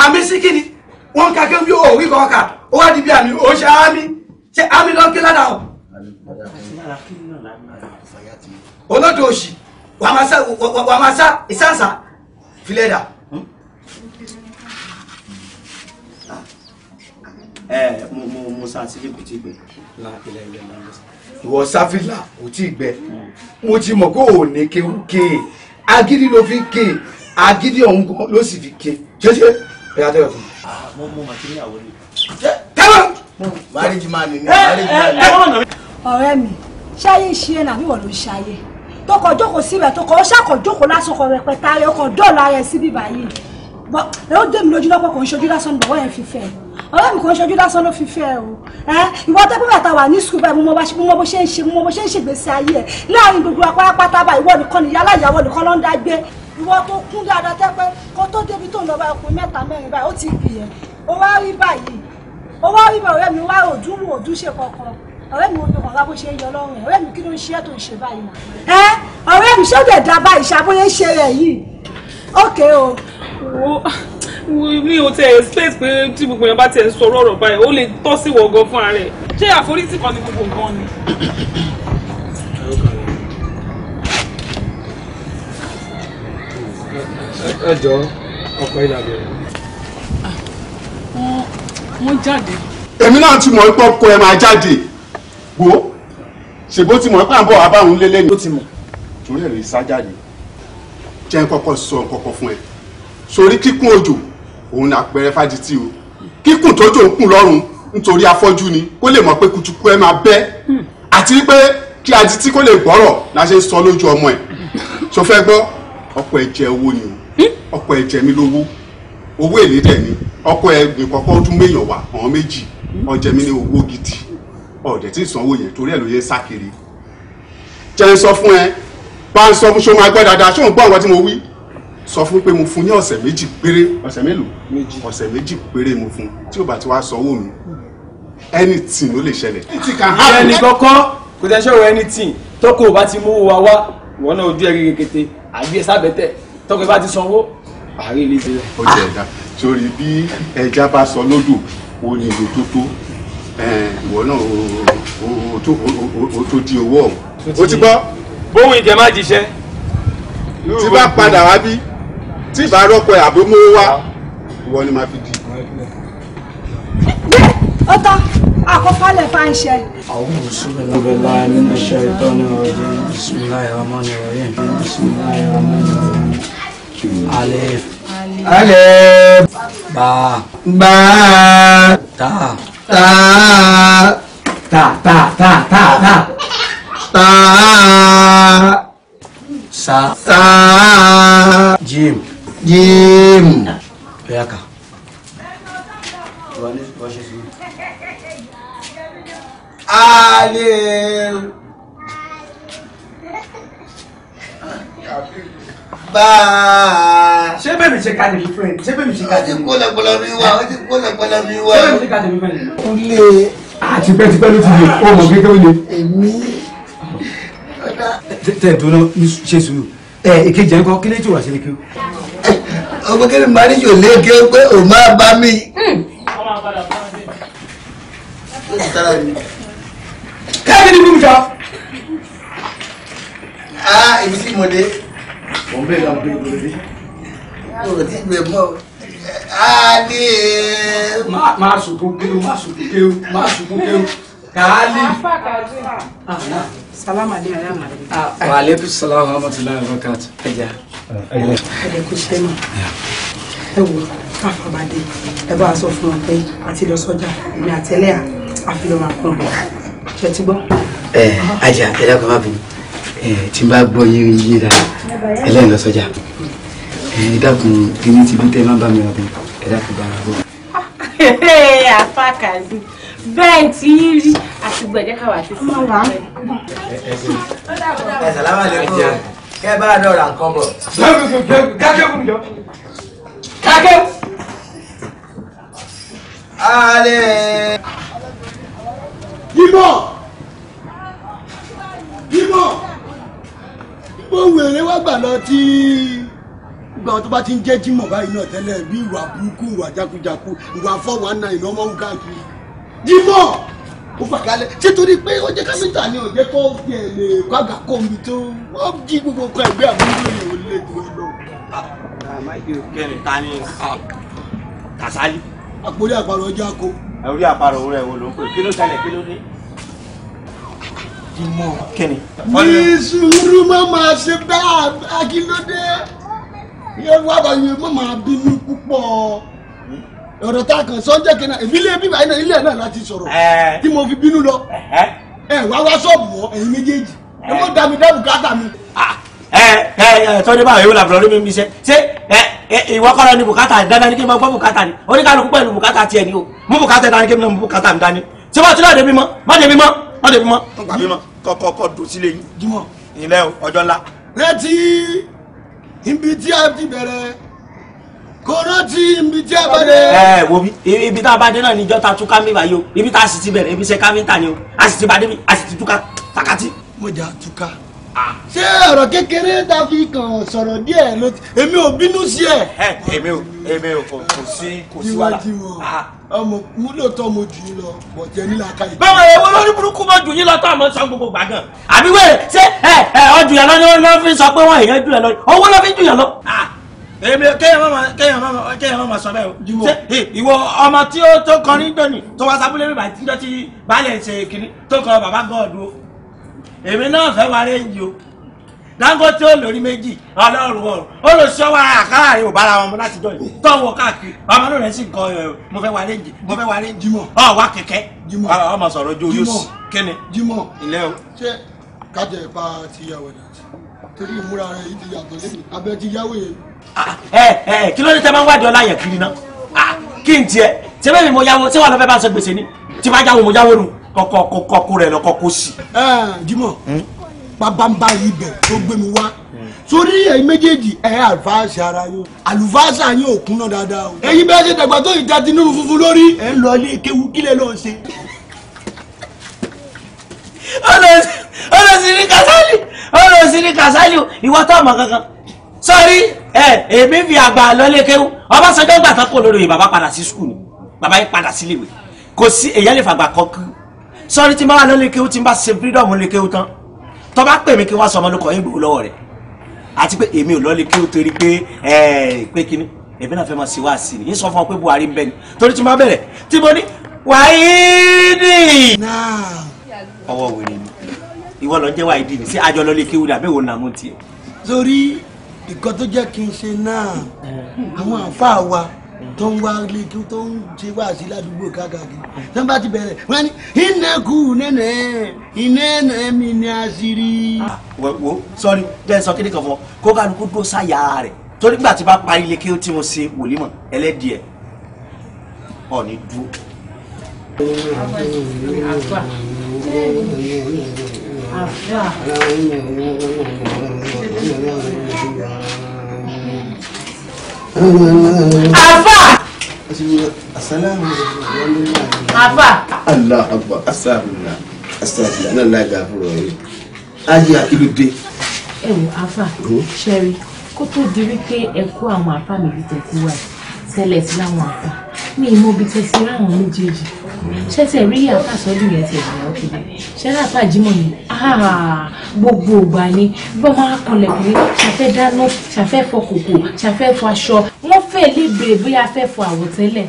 àmì sí kí ni wọ́n ka kí n bí òwí kan kà ó wá di bí àmì ó ṣe àmì ṣe àmì lọ kí ládàá o. olódò òsì wàá máa sá wàá máa sá ẹ mo mo mo sá sílé kò tí gbẹ. ìwọ sáfìlà kò tí gbẹ mo ti mọ̀ kó o ní kéwú kéè agídí ló fi kéè agídí ọ̀hún gan ló sì fi ké jẹ́jẹ́ ẹ̀yà tẹ́lẹ̀ fún mi. Ah, mo mọ màtíríà wọlé. tẹ́lẹ̀ marriage man ni eh, marriage eh, eh, man. ọ̀rẹ́ mi ṣáyé ṣe é nàbí wọ́n ló ń ṣayé tó kọ jókòó síbẹ̀ tó kọ ó ṣàkọ jókòó lásán kọ rẹpẹtẹ ayé ọkọ̀ dọ́ọ̀lù ayé síbí báyìí ó dé mi lójú lọ́pọ̀ kò ń ṣojú lásán lọ́wọ́ yẹn fi fẹ́ ọ̀rẹ́ mi kò ń ṣojú lásán ló fi fẹ́ o ìwọ tẹ́ pípẹ́ àtàwà ní sùkúl báyìí mo mọ bó ṣe ń ṣe mo mọ bó ṣe ń ṣègbésí ayé ẹ̀ láàrin gbogbo apárápátá báyìí wọ́n nìkan nìyá aláìyá wọ́n nìkan ló ń dá gbé ìwọ tó kún dáadáa tẹ́ pé kó tó débi tó ń lọ bá ọkùnrin mẹ́ta mẹ́rin báyìí ó ti bì yẹn ó wá rí báyìí ó wá rí báyìí ọ̀rẹ́ mi wá òdú wò òdú ṣe kankan ọ̀rẹ́ mi omi ọ̀rá bó ṣe ń yọ lọ́rùn ẹ̀ ọ̀rẹ́ mi kí ló ń ṣe ẹ́ tó ń ṣe báyìí nà. ẹ ọ̀rẹ́ mi ṣé ó dẹ̀ da báyìí ṣàbóyé ṣe rẹ̀ yìí ókè o. mi ò tẹ expect pé tí gbogbo yẹn bá tẹ sọ ọ̀rọ̀ báyìí ó lè tọ́ sí wọ̀ọ́gọ́ fún ara rẹ̀ ṣé àforítì kan ni gbogbo nǹkan ni. ẹ jọ ọkọ ilé abẹ́rẹ́. Ah, wọ́n jáde. èmi náà ti mọ̀ pé ọkọ ẹ máa jáde wo ṣèbó ti mọ̀ pé à ń bọ̀ wá báwọn lélẹ́ ni. ó ti mọ̀. torí ẹ̀rí sá jáde jẹ́ kọ́kọ́ sọ kọ́kọ́ fún ẹ sórí kíkún òjò òun ni àpẹẹrẹ fájitì o kíkùn tójò ń kùn lọ́rùn nítorí afọ́jú ni kó lè mọ̀ pé kutuku ẹ máa bẹ́ hmm. àti pé kí adití kó lè gbọ́rọ̀ la ṣe ń sọ lójú ọmọ ẹ̀ tó fẹ́ gbọ́ ọ̀pọ̀ ẹ̀jẹ̀ owó ni o ọkọ ẹ jẹ mí lówó owó èlé dẹ̀ ni ọkọ ẹ nìkọ́kọ́ tún méèyàn wà àwọn méjì ó jẹ mí ní owó gidi ọ̀dẹ̀ tí ìsanwó yẹn torí ẹ̀ ló yẹ sá kiri jẹ́ ń sọ fún ẹ bá ń sọ fún ṣé o máa gbọ́ dáadáa ṣé o ń gbọ́ àwọn tí mo wí sọ fún pé mo fún ní ọ̀sẹ̀ méjì péré ọ̀sẹ̀ mélòó ọ̀sẹ̀ méjì péré mo fún tí o bá ti wá sanwó mi anything ló lè ṣẹlẹ̀. ìyẹn ní kọ́kọ́ kò tẹ́ sọ̀rọ̀ anything tọ́kọ̀ ò bá ti mú wa wá ìwọ náà ojú ẹ̀ kékeré àbí ẹ̀ tọkọ bá ti sanwó àárín ilé ìdílé. ó jẹ ẹja sórí bí ẹja bá sọ lódò o ní ìlú tó tó ìwọ náà o tó di owó ọ̀hún. o ti gbọ́. bóun ìjẹ má jíṣẹ́. tí bá padà wá bí tí bá rọ́pò àbómọ́wó wá ìwọ ni màá fi di. ó tán àkọ́kọ́lẹ̀ fáńṣẹ́. àwọn òṣùwẹ̀ lọ́bẹ̀ láì nínú iṣẹ́ ìtọ́ni ọ̀rẹ́ bisimilayi ramani ọ̀rẹ́ bisimilayi ramani ọ̀rẹ́. Alef, alef, ba ba ta ta ta ta ta ta ta ta sa sa jim jim yaka Alef bá a. ṣé bẹ́ẹ̀ mi ṣe ka tèmi fún ẹ ṣé bẹ́ẹ̀ mi ṣe ka tèmi. ó ti kó lọ́pọ̀lọ́ mi wá ó ti kó lọ́pọ̀lọ́ mi wá. ṣé bẹ́ẹ̀ mi ṣe ka tèmi fún ẹ. ó lé. ló ti lè ó mọ̀ kékeré lé. èmi. tẹ̀ tó náà ṣe sùúrù ẹ ìkejì ẹ̀ ń kọ́ kí lè tí wàá ṣe lè kí o. ọmọ kí ni màá ní yòó lé pé ò máa bá mi. káyọ̀ ní bí mo ah èmi sì mọ̀ dé wọ́n bẹ̀rẹ̀ náà gbé gbòòrò rí. o ti gbẹ mọ ali. máa sunkún kéwù máa sunkún kéwù máa sunkún kéwù kàálì. salamu aleykum. Ah, wa aleykum salaam wa rahmatulahi wa barakatu. ẹ jẹ́ ẹ kò ṣe mọ́ ẹ wò káfàbàdé ẹ bá a sọ fún wọn pé àti lọ sọjà èmi àtẹlẹ àfihàn àkùnrin ṣe ti gbọ́. ẹ ajá ẹ dákun má bínú. Eh, tí n bá gbọ́ yé yé dára ẹlẹ́yìn lọ sọ́jà eh, ẹ dákun kíní ti bí tẹ́ má bá mi rọ̀bì ẹ dákun bá ara bọ̀. àfa kàzí bẹ́ẹ̀ tí í rí àtìgbẹ̀dẹ́ kàwá ti sọ wọn. ẹ sàlámà lẹ́kọ̀ọ́ kẹ́ bá dọ̀ ra nǹkan bọ̀. dákẹ́ jọ dákẹ́. alẹ́. yìnbọn yìnbọn. ó wèrè wá gbà lọ tí gbà tó bá ti ń jẹ́ jímọ̀ báyìí náà tẹ́lẹ̀ bí ìwà burúkú ìwà jákujàku ìwà fọ́ọ̀wá náà ìná ọmọ jímọ̀ ó fà kalẹ̀ ṣé torí pé ó jẹ́ kámẹ́tà ni ò gbogbo kan àbúrò yìí ò lè lọ. Ah, kẹ́ni ta ni ah, Kasali. ọjọ́ àkó. rẹ̀ ló ń pè kí ló ṣẹlẹ̀ kí n mọ̀ ní sùúrù má máa ṣe bẹ́ẹ̀ akíndóde yóò wá báyìí má máa bínú púpọ̀ ọ̀rọ̀ tá a kàn sọ jẹ́ kẹ́nà èmi lé bíbá iná ilé náà láti sọ̀rọ̀ tí mo fi bínú lọ ẹ wá wá sọ́ọ̀bù wọ ẹ̀yin méjèèjì ẹ mọ̀ dàmí dàbù káàtà mi. ẹ ẹ ẹ tọ́jú báwo yóò làbùrọ̀ lómi mi ṣe ṣé ẹ ìwọ kọ́ lọ bùkátà dandan ní kí n máa gbọ́ bùkátà ni oníkàlùkù pẹ̀lú bùkátà tiẹ̀ ni o mú bùkátà dání kí n máa mú bùkátà mi dání tí wọ́n ti lọ́ọ́ débi mọ́ má débi mọ́ má débi mọ́ kọ́kọ́kọ́ dò sílé yín. jimọ ìlẹ o ọjọ́ ńlá. rántí ibi tí a ti bẹ̀rẹ̀ kò rántí ibi tí a bá dé. ẹ wo bi ibi tá a bá dé náà níjọ́ ta túká mi báyìí o ibi tá a sì ti bẹ̀rẹ̀ ibi iṣẹ́ káfíńtà ni o a sì ti bá débi a sì ti túká takati. mo jà túká ṣé ọ̀rọ̀ kékeré tá a fi kàn sọ̀rọ̀ díẹ̀ ló ti èmi ò bínú sí ẹ̀. èmi ò èmi ò kò sí kò sí wàhálà. níwájú wọn ọmọ mú lóòótọ́ mo jù yín lọ bọ̀ jẹ́ nílá ká yìí. báwo ẹ̀wọ́ lórí burúkú mo jù yín lọ tó àmọ́ sọ gbogbo gbàgàn. àbí wẹ́ẹ̀ ṣé ẹ ẹ ọdún yẹn lọ ni wọ́n fi sọ pé wọ́n èèyàn jù yẹn lọ owó ló fi jù yẹn lọ kéèyàn má ma sọ bẹ́ẹ̀ o ṣé ìwọ ọmọ tí ó tó kọrin dọ́ni tó wá sábúlé mi bàtí dọ́tí baálé ṣe kiri tó kọ bàbá gọ́ọ̀dù o èmi náà fẹ́ wá rẹ́ǹjì o Dangote ó lórí méjì ọlọ́run ọ̀run ó lọ sọ wa àkàrà ò bára wọn mọ láti jọ yìí tọ́wọ́ káàkiri ọmọ náà rẹ̀ sì kọ ẹ̀ mo fẹ́ wá rẹ́ǹjì mo fẹ́ wá rẹ́ǹjì ọ̀ wá kẹ̀kẹ́ ọmọ sọ̀rọ̀ ojú oyún sí kíni. Jimoh ilé o. ṣé kájọ ìpa ti yà wẹ̀ dàtí torí ìmúra rẹ̀ yìí ti yàtọ̀ lẹ́yìn abẹ́ ti yáwó yẹn. Ah, ẹ ẹ kí ló dé tẹ́ máa ń wádìí ọláyẹ̀ kiri náà ah, kí n tiẹ̀ ṣé bẹ́ẹ̀ ni mo yáwó ṣé wà lọ́fẹ́ bá ń sọ gbèsè ni tí bá jáwó mo jáwó nù kọ́kọ́ kó kọ́kú rẹ̀ lọ́kọ́ kó sì. Jímọ̀ pabamba ibẹ̀ tó gbé mi wá sórí ẹ̀yin méjèèjì ẹ̀ àlùfáàsì ara yóò àlùfáàsì àyín òkun náà dáadáa o. ẹ̀yin bẹ́ẹ̀ ṣe dàgbà tó ìta tinú funfun lórí ẹ̀ ń lọ ilé kéwu kílẹ̀ lọ́ọ́ ṣe. ọlọsí ní kásálì ọlọsí ní kásálì ìwọ tó ọmọ kankan sọrí ẹ èmi fi àgbà lọlé kéwu Ọbásanjọ́ gbà tán kò lórí bàbá padà sí skul bàbá yìí padà síléèwé kò sí èyàn lè sọ́ọ́rí tí n bá wà lọ́lẹ́ kéwú tí n bá ṣe freedom lè kéwú tán tó bá pè mí kí wọ́n sọ ọmọlúkọ yín gbòó lọ́wọ́ rẹ̀ àti pé èmi ò lọ́lẹ́ kéwú torí pé pé kíní èmi náà fẹ́ máa ṣe wá sí i yín sọ fún ọ pé Buhari ń bẹ ni torí tí n bá bẹ̀rẹ̀ tí mo ní wáyídì. ọwọ́ wèrè ni ìwọ lọ jẹ́ wáyídì ni sí àjọ lọ́lẹ́ kéwú ni àbẹ̀wò nàmú tiẹ̀. torí ìkọ́ tó jẹ́ kí n ṣe náà àwọn àǹfààní wa tó ń wá ilé kí tó ń ṣe wá sí ládùúgbò káàkiri tó ń bá ti bẹ̀rẹ̀ wọ́n ní ìnẹ́kù nẹ́nẹ́ ìnẹ́nẹ́ mi ní àṣírí. Ah, wo sọrí jẹ́ sọ kí ni kan fọ kó kálukú dó sáyà rẹ̀ torí gbà tí bá parí ilé kí tí mo ṣe wòlímọ̀ ẹlẹ́dìẹ̀ ọ̀ ní dúró. àfà àfà àfà. àfà. allah akbar asabila asabila náà láì dáa fún ọ yìí ayé akílódé. ẹ wo àfà ṣẹ́rí kó tó di wípé ẹ kó àwọn àfà mi bí tẹ̀síwájú tẹ́lẹ̀ sí láwọn àfà mi ì mọ ibi tẹ sí ráwọn méjèèjì ṣẹ́sẹ̀ rí àfàsọ́dù yẹn ti ẹ̀yà ó kéde ṣẹ́rà àfàjímọ̀ ni ah, gbogbo ògbà ni gbọ́n máa kọlẹ̀ pé ṣàfẹ́ dáná ṣàfẹ́ fọ kòkò ṣàfẹ́ fọ aṣọ wọ́n fẹ́ lè béèrè bóyá fẹ́ fọ àwọ̀tẹ́lẹ̀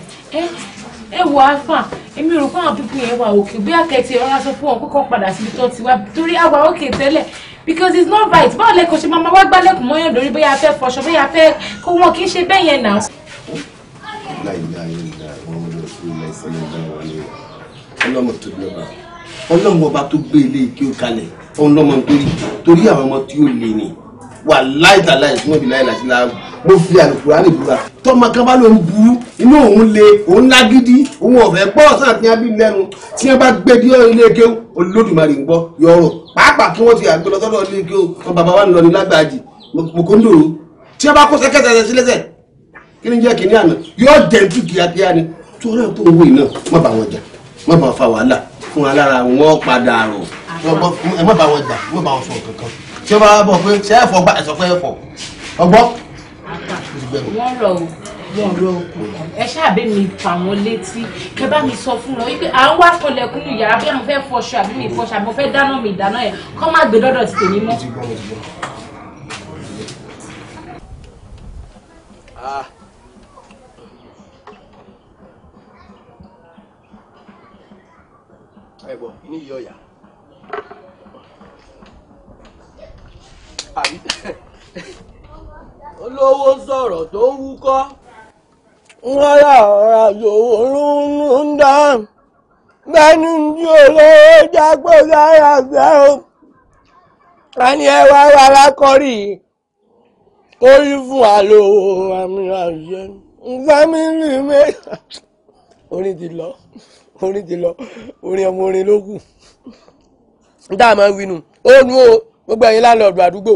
ẹ wọ afa èmi rò fáwọn pípín yẹn wà òkè bí akẹ́tì ọ̀rọ̀ aṣọ fún wọn kókó padà síbi tó ti wá torí àwa òkè tẹ́lẹ̀ because it's not right báwo lẹ́kọ̀ọ́ ṣe máa wá gbálẹ̀kùn mọ́yàn lórí bóyá fẹ́ fọṣọ bóyá fẹ́ kó wọn kì í ṣe bẹ́ẹ̀ yẹn náà ọlọ́mọ tó lọ́ba ọlọ́mọ ọba tó gbé ilé kí ó kalẹ̀ òun lọ́mọ nítorí torí àwọn ọmọ tí ó lè ní wà láìta láì tí wọ́n fi láàbù mo fi àlùkùrá lè búra tọmọ kan bá lòun burú inú òun le òun lágídí òun ọ̀fẹ́ gbọ́ ọ̀sán àti abí lẹ́nu tí wọ́n bá gbé bí ọ̀rọ̀ ilé kéwù olódùmarè ń gbọ́ yọ̀rọ̀ pàápàá kí wọ́n ti àgbẹ̀ lọ́sọ́dọ̀ ilé kéwù wọn bàbá wa ń lọ ní lágbàájì mo tí wọ́n bá kó sẹ́kẹ̀sẹ̀ sílẹ̀sẹ̀ kí ni jẹ́ kí ni àná yóò dẹ̀ ju kíákíá ni tó ọlọ́run tó ń wé náà má bàa wọn jà má bàa fa wàhálà fún alára wọn padà rò. ẹ má bá wọn jà ẹ má bá wọn sọ kankan tí ó bá bọ̀ pé ṣe é fọ gbà ẹ̀sọ́ fẹ́ fọ ọgbọ́. wọ́n rọ o wọ́n rọ o ẹ ṣáàbẹ̀ mi fà wọ́n létí kẹ bá mi sọ fún wọn wípé à ń wá kọlẹ̀kùn ní yàrá bí àwọn fẹ́ fọṣọ àbí mi fọṣọ àbí mo fẹ́ dáná mi ìdáná yẹn kọ́ má gbé dọ́dọ̀ ti tèmi mọ́. ẹ̀bọ̀ ní ìyá ọ̀yà. olówó sọ̀rọ̀ tó ń wúkọ́. wọ́n yà ọ̀rọ̀ àjòwò ń dá bẹ́ẹ̀ni ní olówó jágbó sára gbẹ́ o. a ní ẹ wá wá lákọ́rí kó rí fún àlòwò àmì àjẹ fámìlì mẹ́ta orin ti lọ orin ti lọ orin ọmọ orin ló kù dáa máa ń winú ó nu o gbogbo ẹ̀yin lálọ́ọ̀dù àdúgbò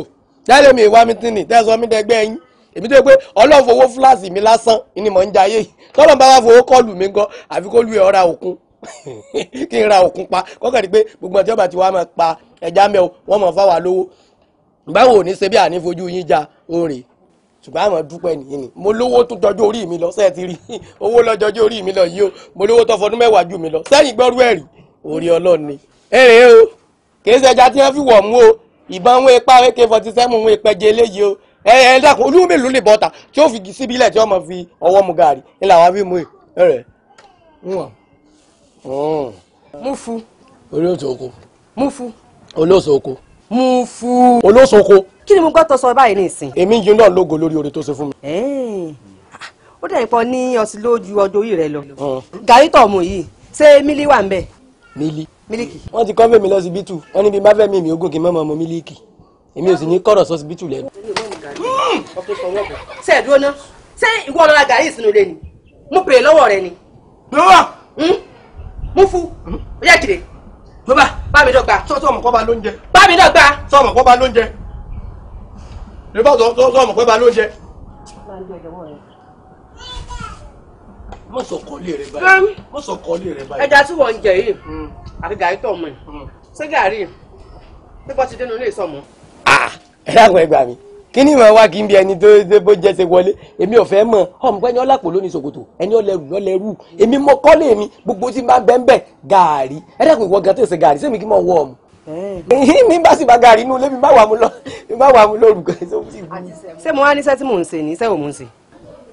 jáde mi ìwà mi ti nì tẹ́sán mi dẹ́gbẹ́ yín èmi tó yẹ pé ọlọ́run fowó fúláàsì mi lásán ni mò ń jayé tọ́lọ́n bá wá fowó kọlù mi gan àfi kó lu ẹ̀ ọ́ra òkun kí n ra òkun pa kọ́kàn rí pé gbogbo ọ̀tí ọba tí wàá máa pa ẹja mẹ́wọ́ wọ́n mọ̀ fáwa lówó báwo ò ní ṣe bí ànífojú yín ja orin ṣùgbọ́n àmọ́ dúpẹ́ nìyí ni mo lówó tó jọjọ́ orí mi lọ sẹ́ẹ̀ ti rí owó lọ jọjọ́ orí mi lọ yìí o mo lówó tó fọdún mẹ́wàá jù mí lọ sẹ́yìn gbọ́rú ẹ̀rí orí ọlọ́run ni. èrè o kìí ṣe ẹja tí wọ́n fi wọ̀ mú o ìbọn wọn ipa ak forty seven wọn ipa eléyìí o ẹ ẹ dákun olúwo mélòó lè bọ́ta tí ó fi síbílẹ̀ tí wọ́n mọ̀ fi ọwọ́ mu gàrí ni làwọn fi mú e. ẹ. Hmm. mú fu. olóòsòkò. mú fu. olóòsòkò. mú fu. olóòsòkò kí ni mo gbọ́ tó sọ báyìí nísìn. èmi yìí náà lógo lórí oore tó ṣe fún mi. Ah, ó dẹ̀ pọ̀ ní ọtí lójú ọjọ́ orí rẹ lọ. gàrí tọ̀ mọ̀ yìí ṣé mílí wà ń bẹ̀. mílí mílíkì. wọ́n ti kọ́ fèmí lọ síbítù wọ́n níbi má fẹ́mi mi ogún kí n mọ́ ọmọ mílíkì èmi ò sì ní kọ̀rọ̀ sọ síbítù lẹ́nu. ṣé ẹ ná ṣé ìwọ ọlọ́ra gàrí ìsinú lé ni mo pè lọ́wọ́ rẹ ni. gbọ́wọ́. mú fún ó yẹ kiri. gbọ́wọ́. bá mi dọ́gba. sọ́ọ̀tọ̀ ọmọkọ́ bá lóúnjẹ. bá mi dọ́gba. sọ́ọ̀mọ̀kọ́ bá lóúnjẹ nígbà tó tó mọ̀ pé ba ló ń jẹ. mọ̀ sọ kọ́lé rẹ báyìí mọ̀ sọ kọ́lé rẹ báyìí. ẹja tí wọ́n ń jẹ yìí hmm. àti gàrí tó ọmọ yìí ṣé gàrí pípọ́ ti dénú ilé ìsọmọ. ẹ dákun ẹ gbà mí kí ni ìmọ̀ wá kí n bí ẹni tó ṣe bó jẹ́ ṣe wọlé èmi ò fẹ́ mọ̀ ọmọ pé ẹni ọlápò ló ní ṣòkòtò ẹni ọlẹ́rù lọ́lẹ́rù èmi mọ kọ́lé mi gbogbo tí n bá bẹ́ẹ̀ bẹ́ẹ̀ gàrí ẹ dákun ìwọ gan tó ṣe gàrí sẹ́mi kí n mọ̀ wọ́ ọ̀mù mi bá sì bá gàrí inú ilé mi bá wà mú lọ mi bá wà mú lọ olùkọ́ ẹ̀ sọ́kùtì ìbú. ṣé mo wá níṣẹ́ tí mò ń ṣe níṣẹ́ ò mò ń ṣe.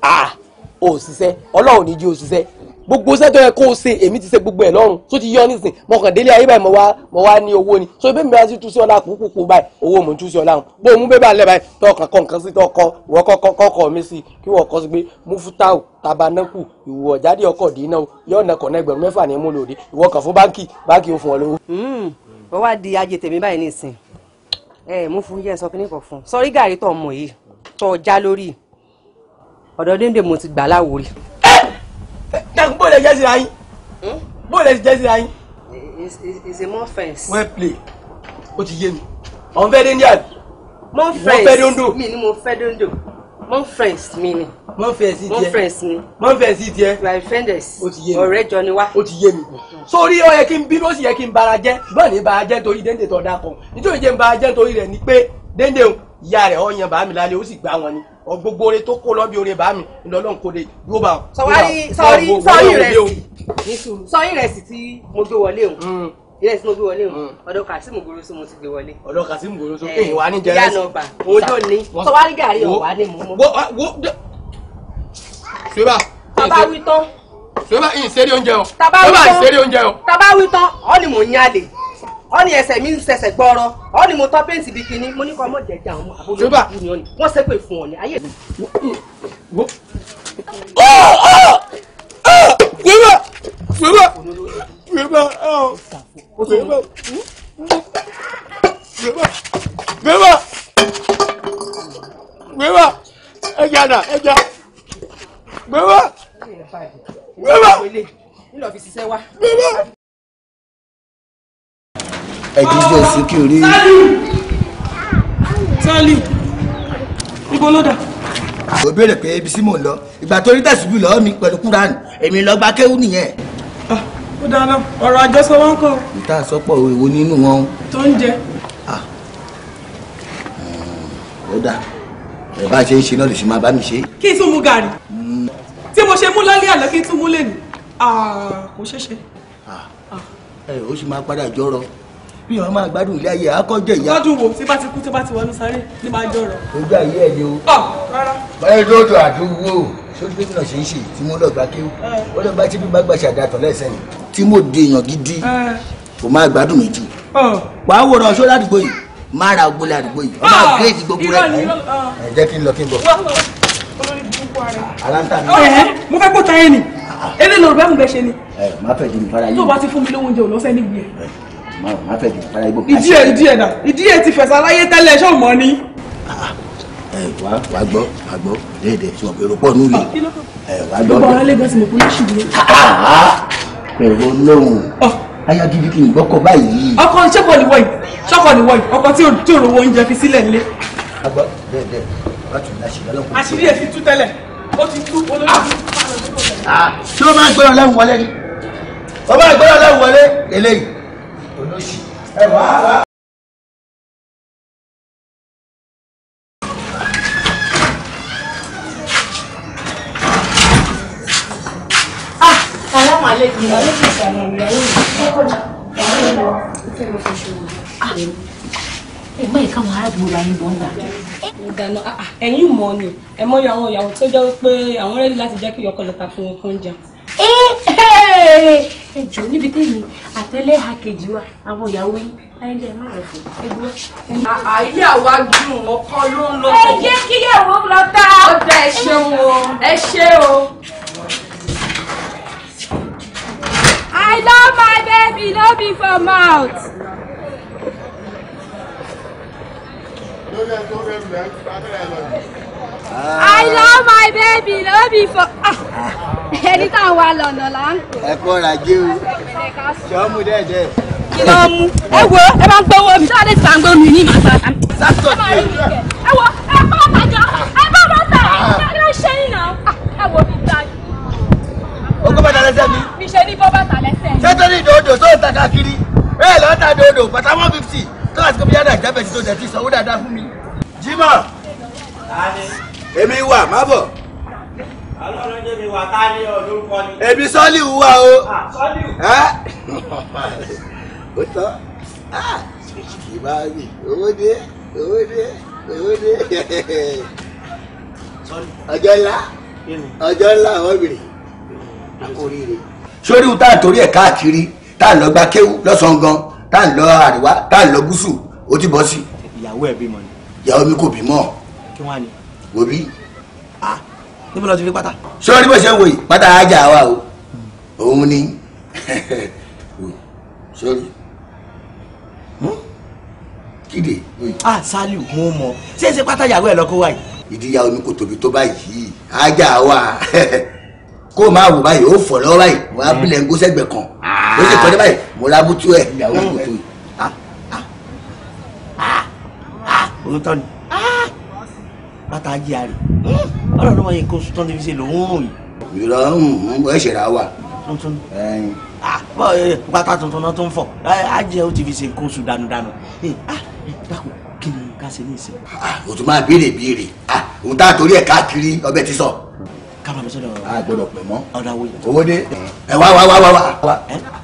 a ò ṣiṣẹ́ ọlọ́run ní jí o ṣiṣẹ́ gbogbo iṣẹ́ tó yẹ kó o ṣe èmi ti ṣe gbogbo ẹ̀ lọ́rùn tó ti yọ nísìn mo kàn délé ayé báyìí mo wá mo wá ní owó ni so ibi mi bá sì tú sí ọlá kú kúkú báyìí owó mo ń tú sí ọlá hùn bó o mú bébà lẹ́ báyìí tó kàn kọ́ nǹkan sí tó kọ́ wọ́n kọ́ kọ́kọ́ mi sí kí wọ́n kọ́ sí pé mufutau tabanaku ìwọ̀ jáde ọkọ̀ dínà yọ̀ọ̀nà kọ̀ọ̀nà ẹgbẹ̀rún mẹ́fà ní mú lòdì ìwọ kàn fún báńkì báńkì ó fún ọ lówó. Hmm wọ́n wá di ajé tèmi báyìí nísìn ẹ mú fún yẹn sọ kínní kan fún un sọrí gàrí tó ọmọ yìí tó já lórí ọ̀dọ̀ dénde mo ti gbà láwo rí. dàgbọ́n bó lè jẹ́ síra yín hmm? bó lè jẹ́ síra yín. is a more fence. well play o ti yé mi ọ̀n fẹ́ dé ní àbí. mo fẹ́ dondo. mi ni mo fẹ́ dondo mọ friends mi ni. mọ friends ti ẹ mọ friends mi. mọ friends ti ẹ. my friends. o ti yé mi ọ̀rẹ́ jọ ni wá. o ti yé mi. sórí ọ yẹ kí n bínú ó sì yẹ kí n bara jẹ́ bọ́ọ̀ ní bara jẹ́ torí dénde tó dáa kan nítorí jẹ́ n bara jẹ́ torí rẹ̀ ni pé dénde o ìyá rẹ̀ ọ̀yàn bàámi lálẹ́ ó sì gbá wọn ni gbogbo ore tó kó lọ́bí ore bàámi ńlọ́lọ́n kó de dúró bá wọn. sọ̀rí sọ̀rí sọ̀rí rẹ̀ sì sọ̀rí rẹ̀ sì tí mo gbé wọlé o hmm ilé tí mo gbé wọlé o hmm. ọ̀dọ̀ Kazeem Goroso mo ti gbé wọlé. ọ̀dọ̀ Kazeem Goroso èyí wà ní jẹrẹsì. ìyá náà gbà òun ló ní tọ́wárí gàrí ọ̀wá ni mo mọ. ṣùgbọ́n bàbá wí tán. ṣùgbọ́n ìṣeré oúnjẹ o. tàbá tán ìṣeré tán ọ ni mò ń yálè ọ ni ẹsẹ̀ mi ń ṣẹ̀ṣẹ̀ gbọ́rọ̀ ọ ni mo tọ́ péǹtì bí kinní mo ní kọ́ ọmọ jẹjẹ àwọn ọmọ ìlú ni ọ ni wọ́n ṣépè fún ọ ni ayé. Fúnbà! Ah! Ah! Ah! Fúnbà! Bébà bébà bébà bébà bébà ẹja Ibo ló dà? ó béèrè pé ibi sí mò ń lọ ìgbà tó rí tẹ̀síbù lọ́wọ́ mi pẹ̀lú kúránì èmi lọ́ọ́ gba kéwú nìyẹn ó dáná ọ̀rọ̀ àjọsọ wọn kọ. níta sọpọ èwo nínú wọn. tó ń jẹ. Ah. Hmm, ó dáa ẹ bá ṣe ń ṣe náà lè ṣe máa bá mi ṣe. kí n tún mú gàrí hmm. tí mo ṣe mú lálẹ́ àná kí n tún mú lẹ́nu ah, kò ṣeéṣe. Ah. ẹ ó sì máa padà jọrọ bí wọn máa gbádùn ilé ayé akọjọ ìyá. gbádùn wo tí bá ti kú tí bá ti wọnú sáré ní máa jọrọ. ojú ayé ẹ ni o. rárá. báyọ̀ lóòótọ́ àdúgbò sódì bí náà ṣe ń ṣe tí mo lọ gbà kéwù ó eh. lọ bá tí bá gbàṣà dàtọ̀ lẹ́sẹ̀ yìí tí mo di èèyàn gidi kò ah. máa gbádùn mi jù oh. wàá wòran ṣó ládùúgbò yìí má ra ogbó ládùúgbò yìí ọmọ àgbéyèsí ah. gbogbo rẹ ah. ẹ jẹ́ kí n lọ kí n bọ̀. Eh, eh, mo fẹ́ kó ta ẹni ẹni lọ bá mi bẹ ṣe ni. ẹ eh, má fẹ́ di mi fara yìí. tó o bá ti fún mi lóhun oúnjẹ ò lọ́sẹ̀ níbi ẹ̀. má fẹ́ di mi fara yìí bó. ìdí ẹ̀ ìdí ẹ̀ dà ìdí ẹ̀ ti fẹ̀sà láyé tẹ́lẹ̀ ṣọ́ mọ́ ni. ẹ wá wá gbọ́ wá gbọ́ déédéé sọ̀rọ̀ pé nù pẹ̀lú ọlọ́run ah. aya gidi kì í gbọ́kọ̀ báyìí. ọkọ ṣọkọ ni wọ̀nyí ṣọkọ ni wọ̀nyí ọkọ tí ò rówó oúnjẹ fi sílẹ̀ nílé. agbá bẹ́ẹ̀ bẹ́ẹ̀ bá tún ní àṣírí ọlọ́kùnrin. àṣírí ẹ̀ ti tú tẹ́lẹ̀ ó ti tú olórí. Ah. Ah. ṣé o máa ń gbọ́dọ̀ lẹ́hùn wọlé ni o máa gbọ́dọ̀ lẹ́hùn wọlé eléyìí olóṣì. Assalamu alaikum. Ah, wa alaikum salam. Ẹgbẹ́ ìka wọn arábìnrin ayé bọ̀ ń gbà. Ìgànà ah, ah, ẹ̀yìn mọ̀ ni ẹ mọ̀ àwọn ìyàwó tó jẹ́ pé àwọn rẹ́dí láti jẹ́ kí ìyọkọ̀ lọ́ta fún wọn kan jà. Ẹ jọ̀ọ́ níbi tẹ́mi àtẹ́lẹ́ àkejì wa àwọn ìyàwó yín ilé àwa dùn ọkọ ló ń lọ. ẹ jẹ́ kíyàwó lọ tá. ó dá ẹ ṣeun o ẹ ṣe o. I love my baby, love him from mouth. I love my baby, no be for. Ah. Ẹni tá a wà lọ́nà là ń pè. Ẹ kọ́ ra gé o. Ṣọ́ mú dẹ́ẹ̀dẹ́. Kí ló mú? Ẹ wo ẹ máa ń gbowó mi. Ṣáà lè ti máa ń gbowó mi ní ìmọ̀ àgbà. Sátọ̀ ṣe. Ẹ wo ẹ bá ọ̀tà jọ, ẹ bá ọ̀tà, ẹ bá ọ̀tà, ẹ bá ọ̀tà ṣẹ́yìn náà. Ah, ẹ wo mi ogún bàtà lẹ́sẹ̀ mi. níṣẹ́ ní bọ́ bàtà lẹ́sẹ̀. ṣé tó ní ìdòdò tó ń ta káàkiri bẹ́ẹ̀ lọ́ọ́ ta ìdòdò bàtà one fifty tó àti kó bí yàrá ìjábẹ̀ tó jẹ́ ti sanwó dáadáa fún mi. Jimoh èmi wà má bọ̀. èmi sọ́ọ̀lì wà o. ó tọ́ ìbáwí owó dé owó dé owó dé ọjọ́ ńlá ọjọ́ ńlá ọ̀bìnrin sórí tá à ń torí ẹ̀ káàkiri tá à ń lọ gba kéwú lọ́sàn-án gan tá à ń lọ àríwá tá à ń lọ gúúsù ó ti bọ́ sí. ìyàwó ẹ bímọ ni. ìyàwó mi kò bímọ. kí wọ́n á ní. wò bí. ah níbo lọ ti fi pátá. sórí bó ṣe wò yìí pátá ajá wa o òun ni sórí kíde. a sálíù mo mọ ṣé ṣe pátá ìyàwó ẹ lọ kó wáyé. ìdíyàwó mi kò tóbi tó báyìí ajá wa. kó o máa wò báyìí ó fọ̀ lọ́wọ́ báyìí wọ́n á bílẹ̀ hmm. ń gbó sẹ́gbẹ̀ kan ah. ó sì kọ́ni báyìí mo ra bútú ẹ̀ ìyàwó kò tó yìí. olùtọ́ ah, ah, ni bàtà ajé àrè hmm. ọ̀rọ̀ ló wáyé nǹkan oṣù tán níbi ṣe lòún rùn yìí. ìrọ̀ hmm, ń ẹ̀ṣẹ̀ rà wà. tuntun eh, bàtà tuntun náà tó ń fọ̀ ajé eh, ó ti fi ṣe nǹkan oṣù dànùdànù dákun kí ni ká ṣe ní ìsìn. o tún máa béèrè béèrè òun tá a torí ẹ̀ káàkiri ọbẹ̀ ti sọ kábàámi sọ́dọ̀. a gbọ́dọ̀ pẹ mọ. ọ̀dà wo. owó dé. ẹ wá wá wá wá wá.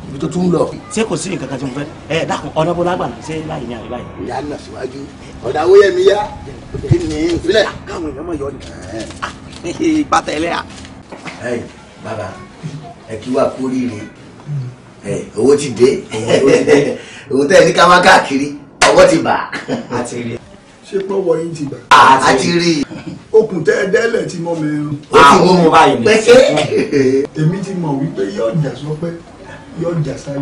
ibi tó tún lọ. ṣé kò sí nǹkan kan tí mo fẹ́. ẹ dákun ọ̀nà bọ́lá gbà ṣé báyìí ni àrí báyìí. ìyá nà síwájú ọ̀dà wo yẹ mi yá kí ni ìfilẹ̀. káwọn èèyàn mọ̀ yọ ni. pátẹ́lẹ́ à. ẹ bàbá ẹ kí wàá kórìíre ẹ owó ti dé owó tẹ̀ ní ká má káàkiri ọwọ́ ti bà á. a ti rí i ṣé pọ́wọ́ yín ti gbà. Ah, a ti rí i. okùn tẹ́ ẹ dẹ́lẹ̀ tí mo mẹ́rin. Ah, ó ti mú mu báyìí pẹ́kẹ́. èmi ti mọ̀ wípé yóò jà sọpẹ́ yóò jà sáyọ̀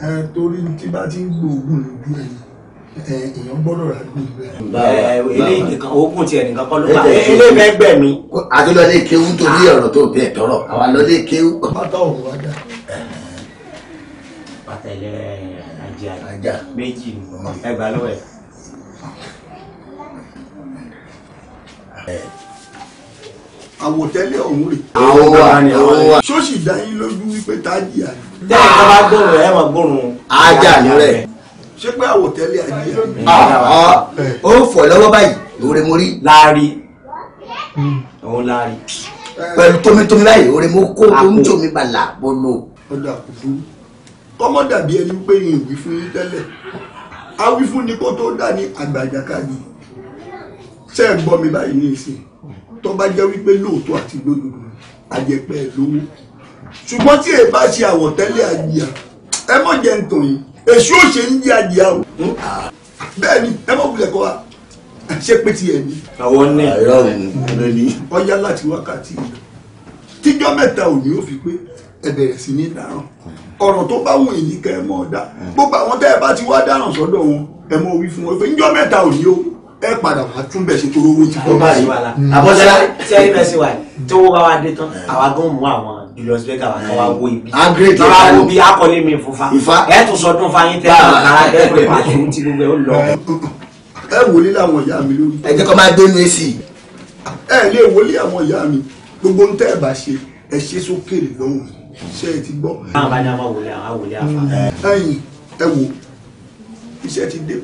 náà ẹ torí tí bá ti ń gbòògùn lójú ẹ̀ èèyàn gbọ́dọ̀ rà ní ìgbẹ́. eléyìí nìkan oògùn tiẹ̀ nìkan kọ́ ló bá eléyìí mẹ́gbẹ́ mi. adúlọ́lé kéwú torí ọ̀rọ̀ tó bẹ́ẹ̀ tọrọ àwa lọ́lé kéwú. pátá òun wá pátá ilé ajá méjì ẹgbàá lọ́wọ́ ẹ̀. àwòtẹ́lẹ̀ ọ̀hún rè. àwọn wa ni àwọn wa. ṣó sì dá yín lójú wípé tá a jìyà. tẹ́lẹ̀ tó bá gbọ́rùn ẹ̀ máa gbọ́rùn. ajá nílẹ̀. ṣé pé àwòtẹ́lẹ̀ àjìyà. Ah, ah. ó fọ̀ lọ́wọ́ báyìí lóore mo rí. láàrí hmm. òun láàrí. Eh. pẹ̀lú tómitómi báyìí lóore mo kó tómitómi bàlà bolo. ọjà kò burú kọ́mọ́ dàbí ẹni pé ìwí fún yín tẹ́lẹ̀ awí fún ni kó tó dání àgbàjàkadì ṣé ẹ gbọ́ mi báyìí ní ìsìn tó bá jẹ́ wípé lóòótọ́ àti gbódòdó àjẹpẹ́ lówó ṣùgbọ́n tí èèbá ṣe àwọ̀tẹ́lẹ̀ àjìyà ẹ mọ̀ jẹ́ ntàn yìí èṣù òṣè ń jẹ́ àjìyà o hmm? bẹ́ẹ̀ ni ẹ mọ̀ wulẹ̀ kọ́ wa ṣé pé tiẹ̀ ni. àwọn ní àyọ̀ ọ̀hún ni. ọ̀yá láti wákàtí tíjọ́ mẹ́ta òní ó fi pé ẹ bẹ̀rẹ̀ sí ní dáràn ọ̀rọ̀ tó bá wù yín kẹ́ ẹ mọ̀ ọ́ dá hmm. gbogbo àwọn tẹ́ ẹ bá ti wá dáràn sọ́dọ̀ wọn ẹ mọ̀ wí fún wọn pé níjọ́ mẹ́ta òní ó ẹ padà wá tún bẹ̀ ṣe tó owó tí wọ́n bá yìí. àbọ̀dọ́lá tí ẹ bẹ̀ sí wa tí owó bá wa dé tán àwa gan mú àwọn Julius Berger wa káwa wo ibi káwa wo bí akọni mi fúnfa ẹ tún sọdún fáyín tẹ káwọn ará dẹkùn ẹ máa tó ti gbogbo ẹ ó lọ. ẹ wòlé làwọn ìyá mi lórí. ẹ jẹ́ kó máa dénú èsì. ẹ lè wòlé àwọn ìyá mi gbogbo ń tẹ́ ẹ bá ṣe ẹ ṣe sókèrè lọ́wọ́ ṣe é ti gbọ́.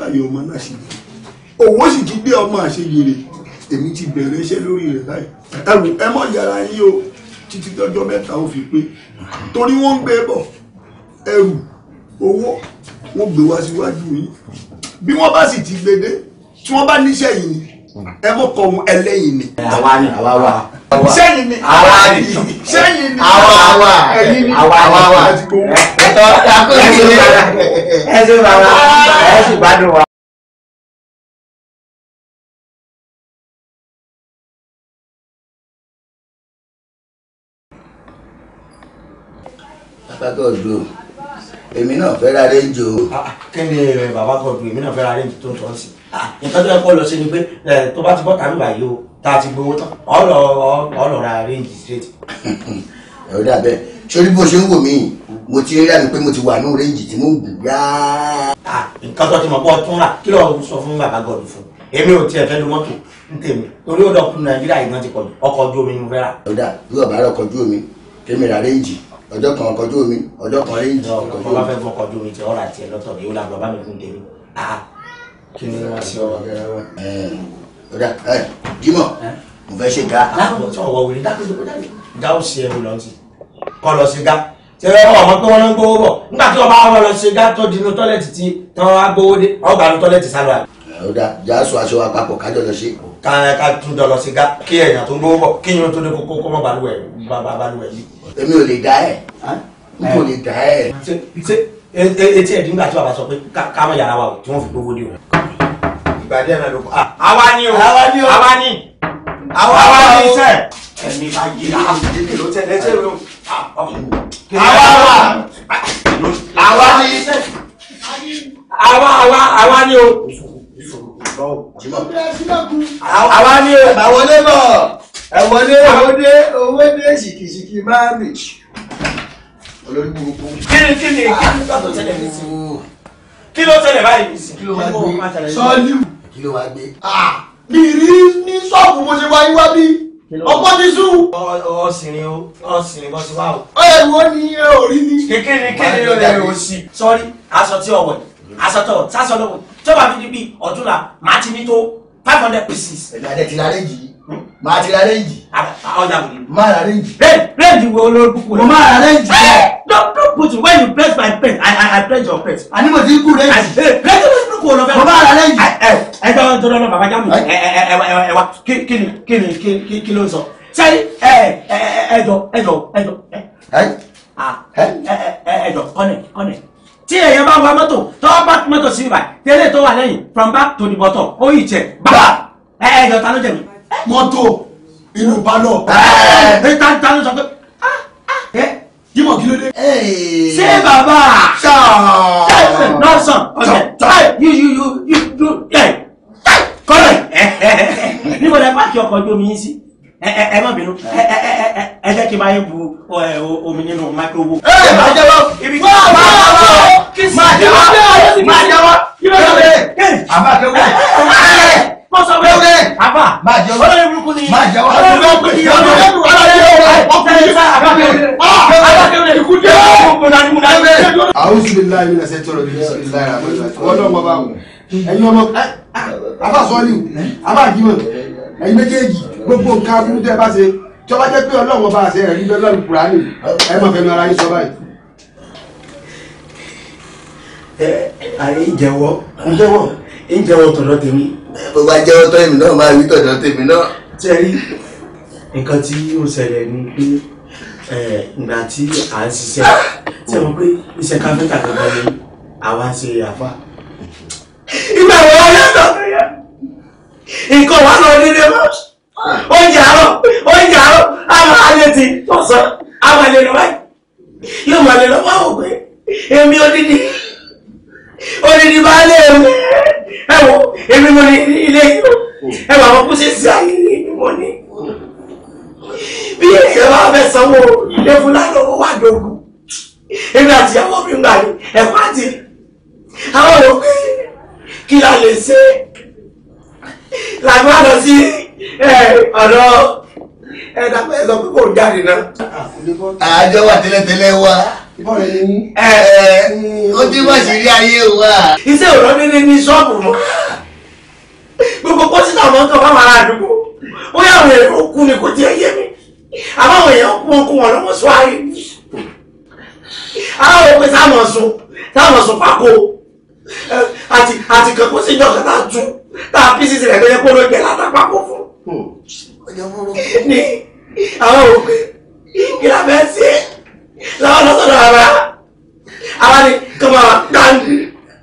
báwọn bá òun ó sì tún gbé ọmọ àṣeyèrè èmi ti bẹ̀rẹ̀ iṣẹ́ lórí rẹ̀ báyìí ẹ ẹ mọ̀ yàrá yín o títí dọ́jọ́ mẹ́ta ó fi pé torí wọ́n ń gbé bọ̀ ẹrù owó wọ́n gbé wá síwájú yín bí wọ́n bá sì ti gbede tí wọ́n bá níṣẹ́ yìí ni ẹ mọ̀ kọ́ ohun ẹlẹ́yìn ni. àwa ni àwa wa. sẹ́yìn ni àwa ni sẹ́yìn ni àwa wa ẹ̀yìn ni àwa wa. ẹ tọ́ ẹ kó ìdílé ẹ ṣe bàbá ẹ sì gbádùn wa. Gọ̀dùn èmi náà fẹ́ ra rẹ́ǹjì o. Ah, ah, kí ni eh, bàbá Gọ̀dùn èmi náà fẹ́ ra rẹ́ǹjì tó ń sọ ọ́ sí i ah, nǹkan tó yẹ kó lọ sí ni pé eh, tó bá ti bọ́ tàbí báyìí o tá a ti gbowó tán ọ lọ ra rẹ́ǹjì straight. ẹ̀rọ dàbẹ́ sórí bó ṣe ń wò mí mo ti rí rà mí pé mo ti wà ní rẹ́ǹjì tí mò ń gùn rárá. nǹkan tó ti mọ̀ bọ́ tún rà kí ló sọ fún bàbá Gọ̀dùn fún èmi ò tiẹ̀ fẹ́ lu mọ́tò ń tèmi torí ó dọ̀kun nàìjíríà ìgbọ́n ti pọ̀ ọkọ̀ ojú omi ni mo fẹ́ rà. ọ̀dà bí ọ̀bá rẹ̀ ọkọ̀ ojú omi kémi ra rẹ́ǹjì ọjọ́ kan ọkọ̀jú omi ọjọ́ kan rí ìdán ọkọ̀jú omi. ọba fẹ́ fọkọ̀ ojú omi tí ọ̀rà tiẹ̀ lọ́tọ̀ ni ó la bàbá mi fún tèmi. Ah, kí ni wọ́n ṣe ọ̀rọ̀ kẹrẹ wọn. ọ̀dà ẹ Jímọ̀ mo fẹ́ ṣe ga. dáàbò sọ wọ wèrè dáàbò sọ dáàbò dáàbò sí ẹrù lọ́ọ̀tì kọ́ lọ sí ga tẹ̀rẹ̀ ọmọ ọmọ pé wọ́n ń gbowó bọ̀ nígbà tí ọba ọmọ lọ ṣe ga tó dinú tọ́lẹ̀tì tí tọ́ wá gbowó dé ọgbà nu tọ́lẹ̀tì sálọ àbí. ọ̀dà aṣọ ká ká tún dọ lọ sí ga kí ẹ̀yàn tó ń gbówó bọ̀ kí yín tó dé kókó kó mọ́ balùwẹ̀ bàbá balùwẹ̀ yìí. èmi ò lè dá ẹ̀ n kò lè dá ẹ̀. ṣe ṣe etí ẹ̀dín nígbà tí bàbá sọ pé ká mọ̀ yàrá wa o tí wọ́n fi gbówó dé o. ìgbà díẹ̀ náà ló kọ́ ah, àwa ni o àwa ni o àwa ni àwa ni sẹ́ ẹni bá yé a kékeré ló tẹ̀lé ṣé o àwa wa àwa ni sẹ́ àwa àwa àwa ni o àwa ni ẹ̀bà wọlé bọ̀ ẹ̀wọlé òwòdé òwòdé ṣìkìṣìkì máa mì. olórí burúkú. kí ni kí ni kí ni bàtò ah, tẹ́lẹ̀ mi sí. kí ló tẹ́lẹ̀ báyìí mi sí. kí ló wá gbé sọ́ọ́lù. kí ló wá gbé. Ah, mi rí ní ṣọ́ọ̀bù mo ṣe wáyé wá bí ọkọ ti sú. ọsìnrin o ọsìnrin bọ́ sí wa o. ẹ wo ni orí ni. kékeré kékeré ló lè rò sí. sọ́ọ́rí aṣọ tí ọ̀wẹ̀ aṣọ tọ̀ sásọ lọ́wọ́ tọ́ba fi di bíi ọ̀túnla màá ti ní tó five hundred pieces. ẹ̀dá ẹ̀dẹ̀ ti la rẹ́ǹjì yìí màá ti la rẹ́ǹjì. ọjà wò ni. máa ra rẹ́ǹjì. rẹ́ǹjì wo olórí kúkú rẹ. mo máa ra rẹ́ǹjì. don't don't put when you press my pen i i i press your pen. àní mo ti kú rẹ́ǹjì. rẹ́ǹjì wo olórí kúkú rẹ. mo máa ra rẹ́ǹjì. ẹ ẹ jọ jọ lọ bàbá jámu ẹ ẹ ẹ ẹ wa kí kí ni kí ni kí ló ń sọ sẹ́yìn ẹ ẹ ẹ jọ ẹ jọ ẹ jọ ẹ ah, jọ kọ́nẹ̀ kọ́nẹ̀ tí èèyàn bá wa mọ́tò tọ́wọ́ bá mọ́tò sí ibà tẹ́lẹ̀ tó wà lẹ́yìn from back to the bottom ó yìí jẹ bá ẹ ẹ jọ ta ló jẹ̀bi. mọ́tò inú balọ̀. ẹ ẹ ta ta ló sọ pé ah, ah. ẹ yímọ̀ kí ló dé. ṣé bàbá nọ́ọ̀sán ọ̀sẹ̀ yú yú yú yú kọ́lẹ̀ níbo la pààkì ọkọ̀ ojú omi yín sí ẹ má bínú ẹ jẹ́ kí n bá yín bu omi nínú microwave. ẹ má jẹ́wọ́ ibi tí wọ́n bá wà wọ́ má jẹ́wọ́ má jẹ́wọ́ ibi tí wọ́n bá àbá kéwé mọ́sọ̀ wẹ́wẹ́ àbá má jẹ́wọ́ ọlọ́run burúkú ni má jẹ́wọ́ ọlọ́run burúkú ni ọlọ́run burúkú ni ọkùnrin sá àbá kéwé àbá kéwé ikú dé ọkùnrin àwọn ìsìlélá yìí lẹsẹ tọrọ ní ìsìlélá yàrá wọn náà wọn bá wọn ẹyin ọmọ àbá sọọlì àbá jimoh ẹ̀yin méjèèjì gbogbo nǹkan abúlé tẹ́ bá ṣe tí ọba jẹ́ pé ọlọ́run ọba àṣẹ ẹ̀rí bẹ́ẹ̀ lọ́rùn kùránì ẹ máa fẹnu ara yín sọ báyìí. ẹ àyè ìjẹ́wọ́ ìjẹ́wọ́ ìjẹ́wọ́ tọ̀dọ̀ tèmi. gbogbo ajẹ́wọ́ tọ́ èmi náà máa rí tọ̀dọ̀ tèmi náà. ṣé rí nǹkan tí ó ṣẹlẹ̀ ni pé ìgbà tí à ń ṣiṣẹ́ ṣe mọ̀ pé iṣẹ́ káfíńtà gbọ́dọ̀ ni àwa ṣe àfa. ìgbà wo ọ̀rẹ́ àtọ̀ nǹkan wà lọ nílé mọ́ oúnjẹ àárọ̀ oúnjẹ àárọ̀ a máa lè ti tọ̀sán a máa lè lọ báyìí yóò máa lè lọ bá wò pé èmi odidi odidi bá lé èmi ẹ wò èmi mo ní ilé ẹ wà wọn kó ṣe sí àyè èmi mo ní bí èèyàn bá fẹ́ sanwó ilé fúlàní owó wà dógún èmi àti ìyàwó mi ń gbà ní ẹ̀kọ́ àti àwọn òkè kí la lè ṣe é làbí wà lọ sí ọ̀dọ̀ ẹ dàpẹ́ ẹ sọ pé kò jáde náà. àjọ wà tẹ́lẹ̀tẹ́lẹ̀ wa ó ti wá sí rí ayé wa. iṣẹ́ òrọ̀ nílé ní ṣọ́ọ̀bù mọ́ gbogbo pósítà mọ́tò fáwọn ará àdúgbò ó yà wọ̀ èrò kú ni kò tiẹ̀ yé mi àbáwọn èèyàn kú wọn kú wọn lọ́mọ sọ ayé àwọn òpin táwọn sùn táwọn sùn pákó eh, àti àti kankan sí ìjọ kan tá a tún tá a fi sísè rẹ̀ tó yẹ kó ló gbẹ látàpapọ̀ fún. Hmm. ní àwọn òkè kí la fẹ́ ṣe làwọn lọ́sọ̀dọ̀ ara àwa ni kọ́mọ káńdì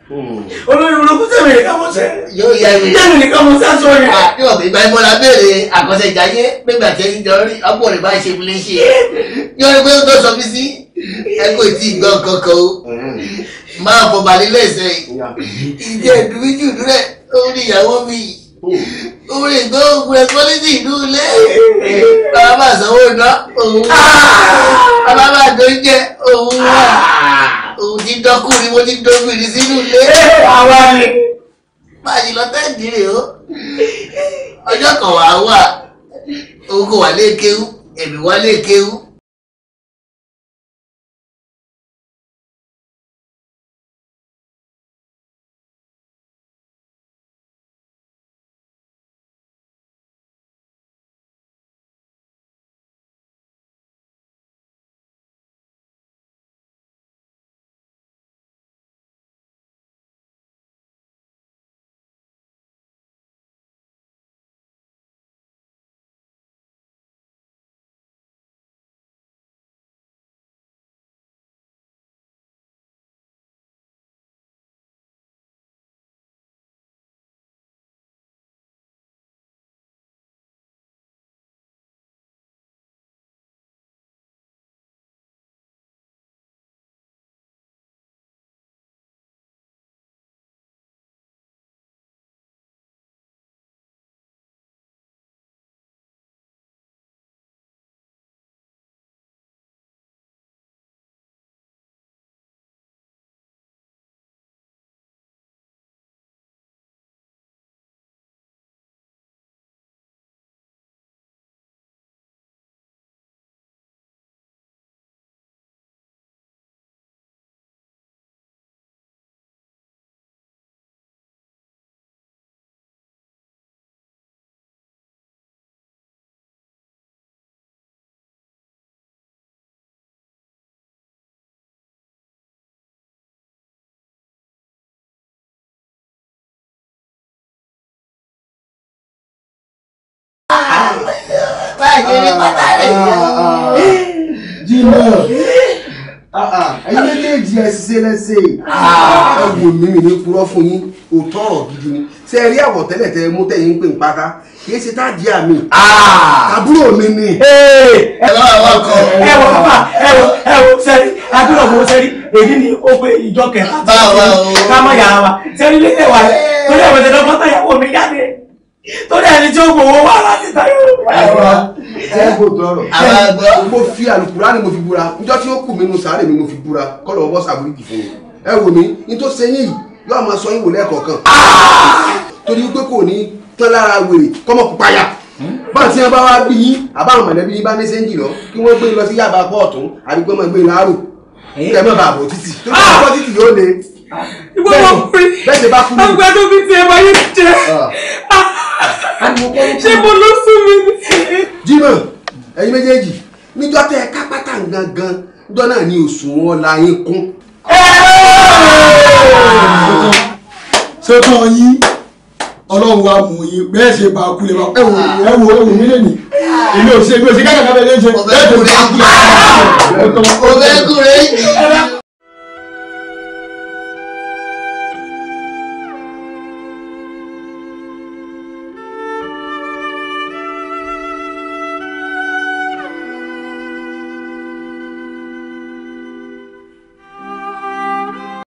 hmm. olórí olókùn sẹ́mi nìkan mọ̀ sẹ́. yóò yá mi. jẹ́nu nìkan mọ̀ sẹ́ sórí. àti ọ̀bẹ ìbáyìmọ́ra béèrè àkọsẹ̀ ìjáyé nígbà tí ẹni jọ rí ọgbọ́n rẹ̀ bá ṣe fúnlé ṣe. yóò rí pé ó tó sọ mí sí ẹkọ tí ìgbọ́n kankan o hmm. máa fọbalẹ̀ lẹ́sẹ̀ yìí ìjẹ́ ìdúró jù dúrẹ́ orí ìyàwó mi orí ìgbọ́ ogun ẹ̀kọ́ nídìí ìlú ilé bàbá bá sanwó iná òun wà bàbá bá tó ń jẹ òun wà òun ti dọ́kù ni mo ti dọ́kù ní sínú ilé. àwa ni. báyìí lọ tẹ́ẹ̀dì rè o ọjọ́ kan wà wà òun kò wà léèkéwú èmi wà léèkéwú. jìnnà ah, ah. ah, ẹ̀yin méjèèjì ẹ ṣiṣẹ́ lẹ́sẹ̀ ẹ wò mí mi ní purọ́ fún yín òótọ́ ọ̀rọ̀ gidi ni ṣe rí àwọ̀ tẹ́lẹ̀ tẹ́ mú tẹ̀yìn ń pè ń pátá kì í ṣe táàdì àmì àbúrò mi ni. ẹ wọ ẹ wọ bàbá ẹ wọ ẹ wọ sẹ́rí àbúrò mo sẹ́rí èyí ni ó pé ìjọ kẹta ká má yàrá wa sẹ́rí lé ẹ̀wà rẹ̀ torí ẹ̀wọ̀n tẹ̀lé ọgbọ́n táyàwó mi jáde tó dẹ̀ ní tí ó gbowó wà láti ta yóò wá. àwa ẹ kò tọrọ àwa gbọ́. mo fi àlùkùrá ni mo fi búra njọ́ tí ó kù mí nu sàárè mi mo fi búra kọ́lọ̀ ọwọ́ sàbúrìkì fún mi. ẹ wò mí ní tó ṣe yín yìí yóò máa sọ yín wò lẹ́ẹ̀kọ̀ọ̀kan. torí pé kò ní tán lára wèrè kọ́mọ payà bá tí wọn bá wá bí yín àbáwọn mọ̀lẹ́bí yín bá ní sẹ́ńjì lọ kí wọ́n gbé lọ sí yàbá pọ́ọ̀tù àbí pé wọ́n gbé láàrò kẹ́ mọ́ bàbọ̀ títì tó bá bọ́ títì yóò le. ìwọ́n wọ́n kúrin bẹ́ẹ̀ ṣe bá kú mi. àgbàdo ṣé mo ló sún mi ní. Jimoh ẹ̀yin méjèèjì níjọ́ tẹ kápátá gangan níjọ́ náà ni òṣùwọ̀n ọ̀la yín kún. ṣé kàn yín ọlọ́run wa mú yín bẹ́ẹ̀ ṣe bá kú lè bá ẹ wò ẹ wò ẹ wò mí lẹ́nu èmi ò ṣe èmi ò ṣe kẹ́kẹ́ kábẹ́ẹ́ lè ṣe bẹ́ẹ̀ tó bá kú lè bá ẹ tán.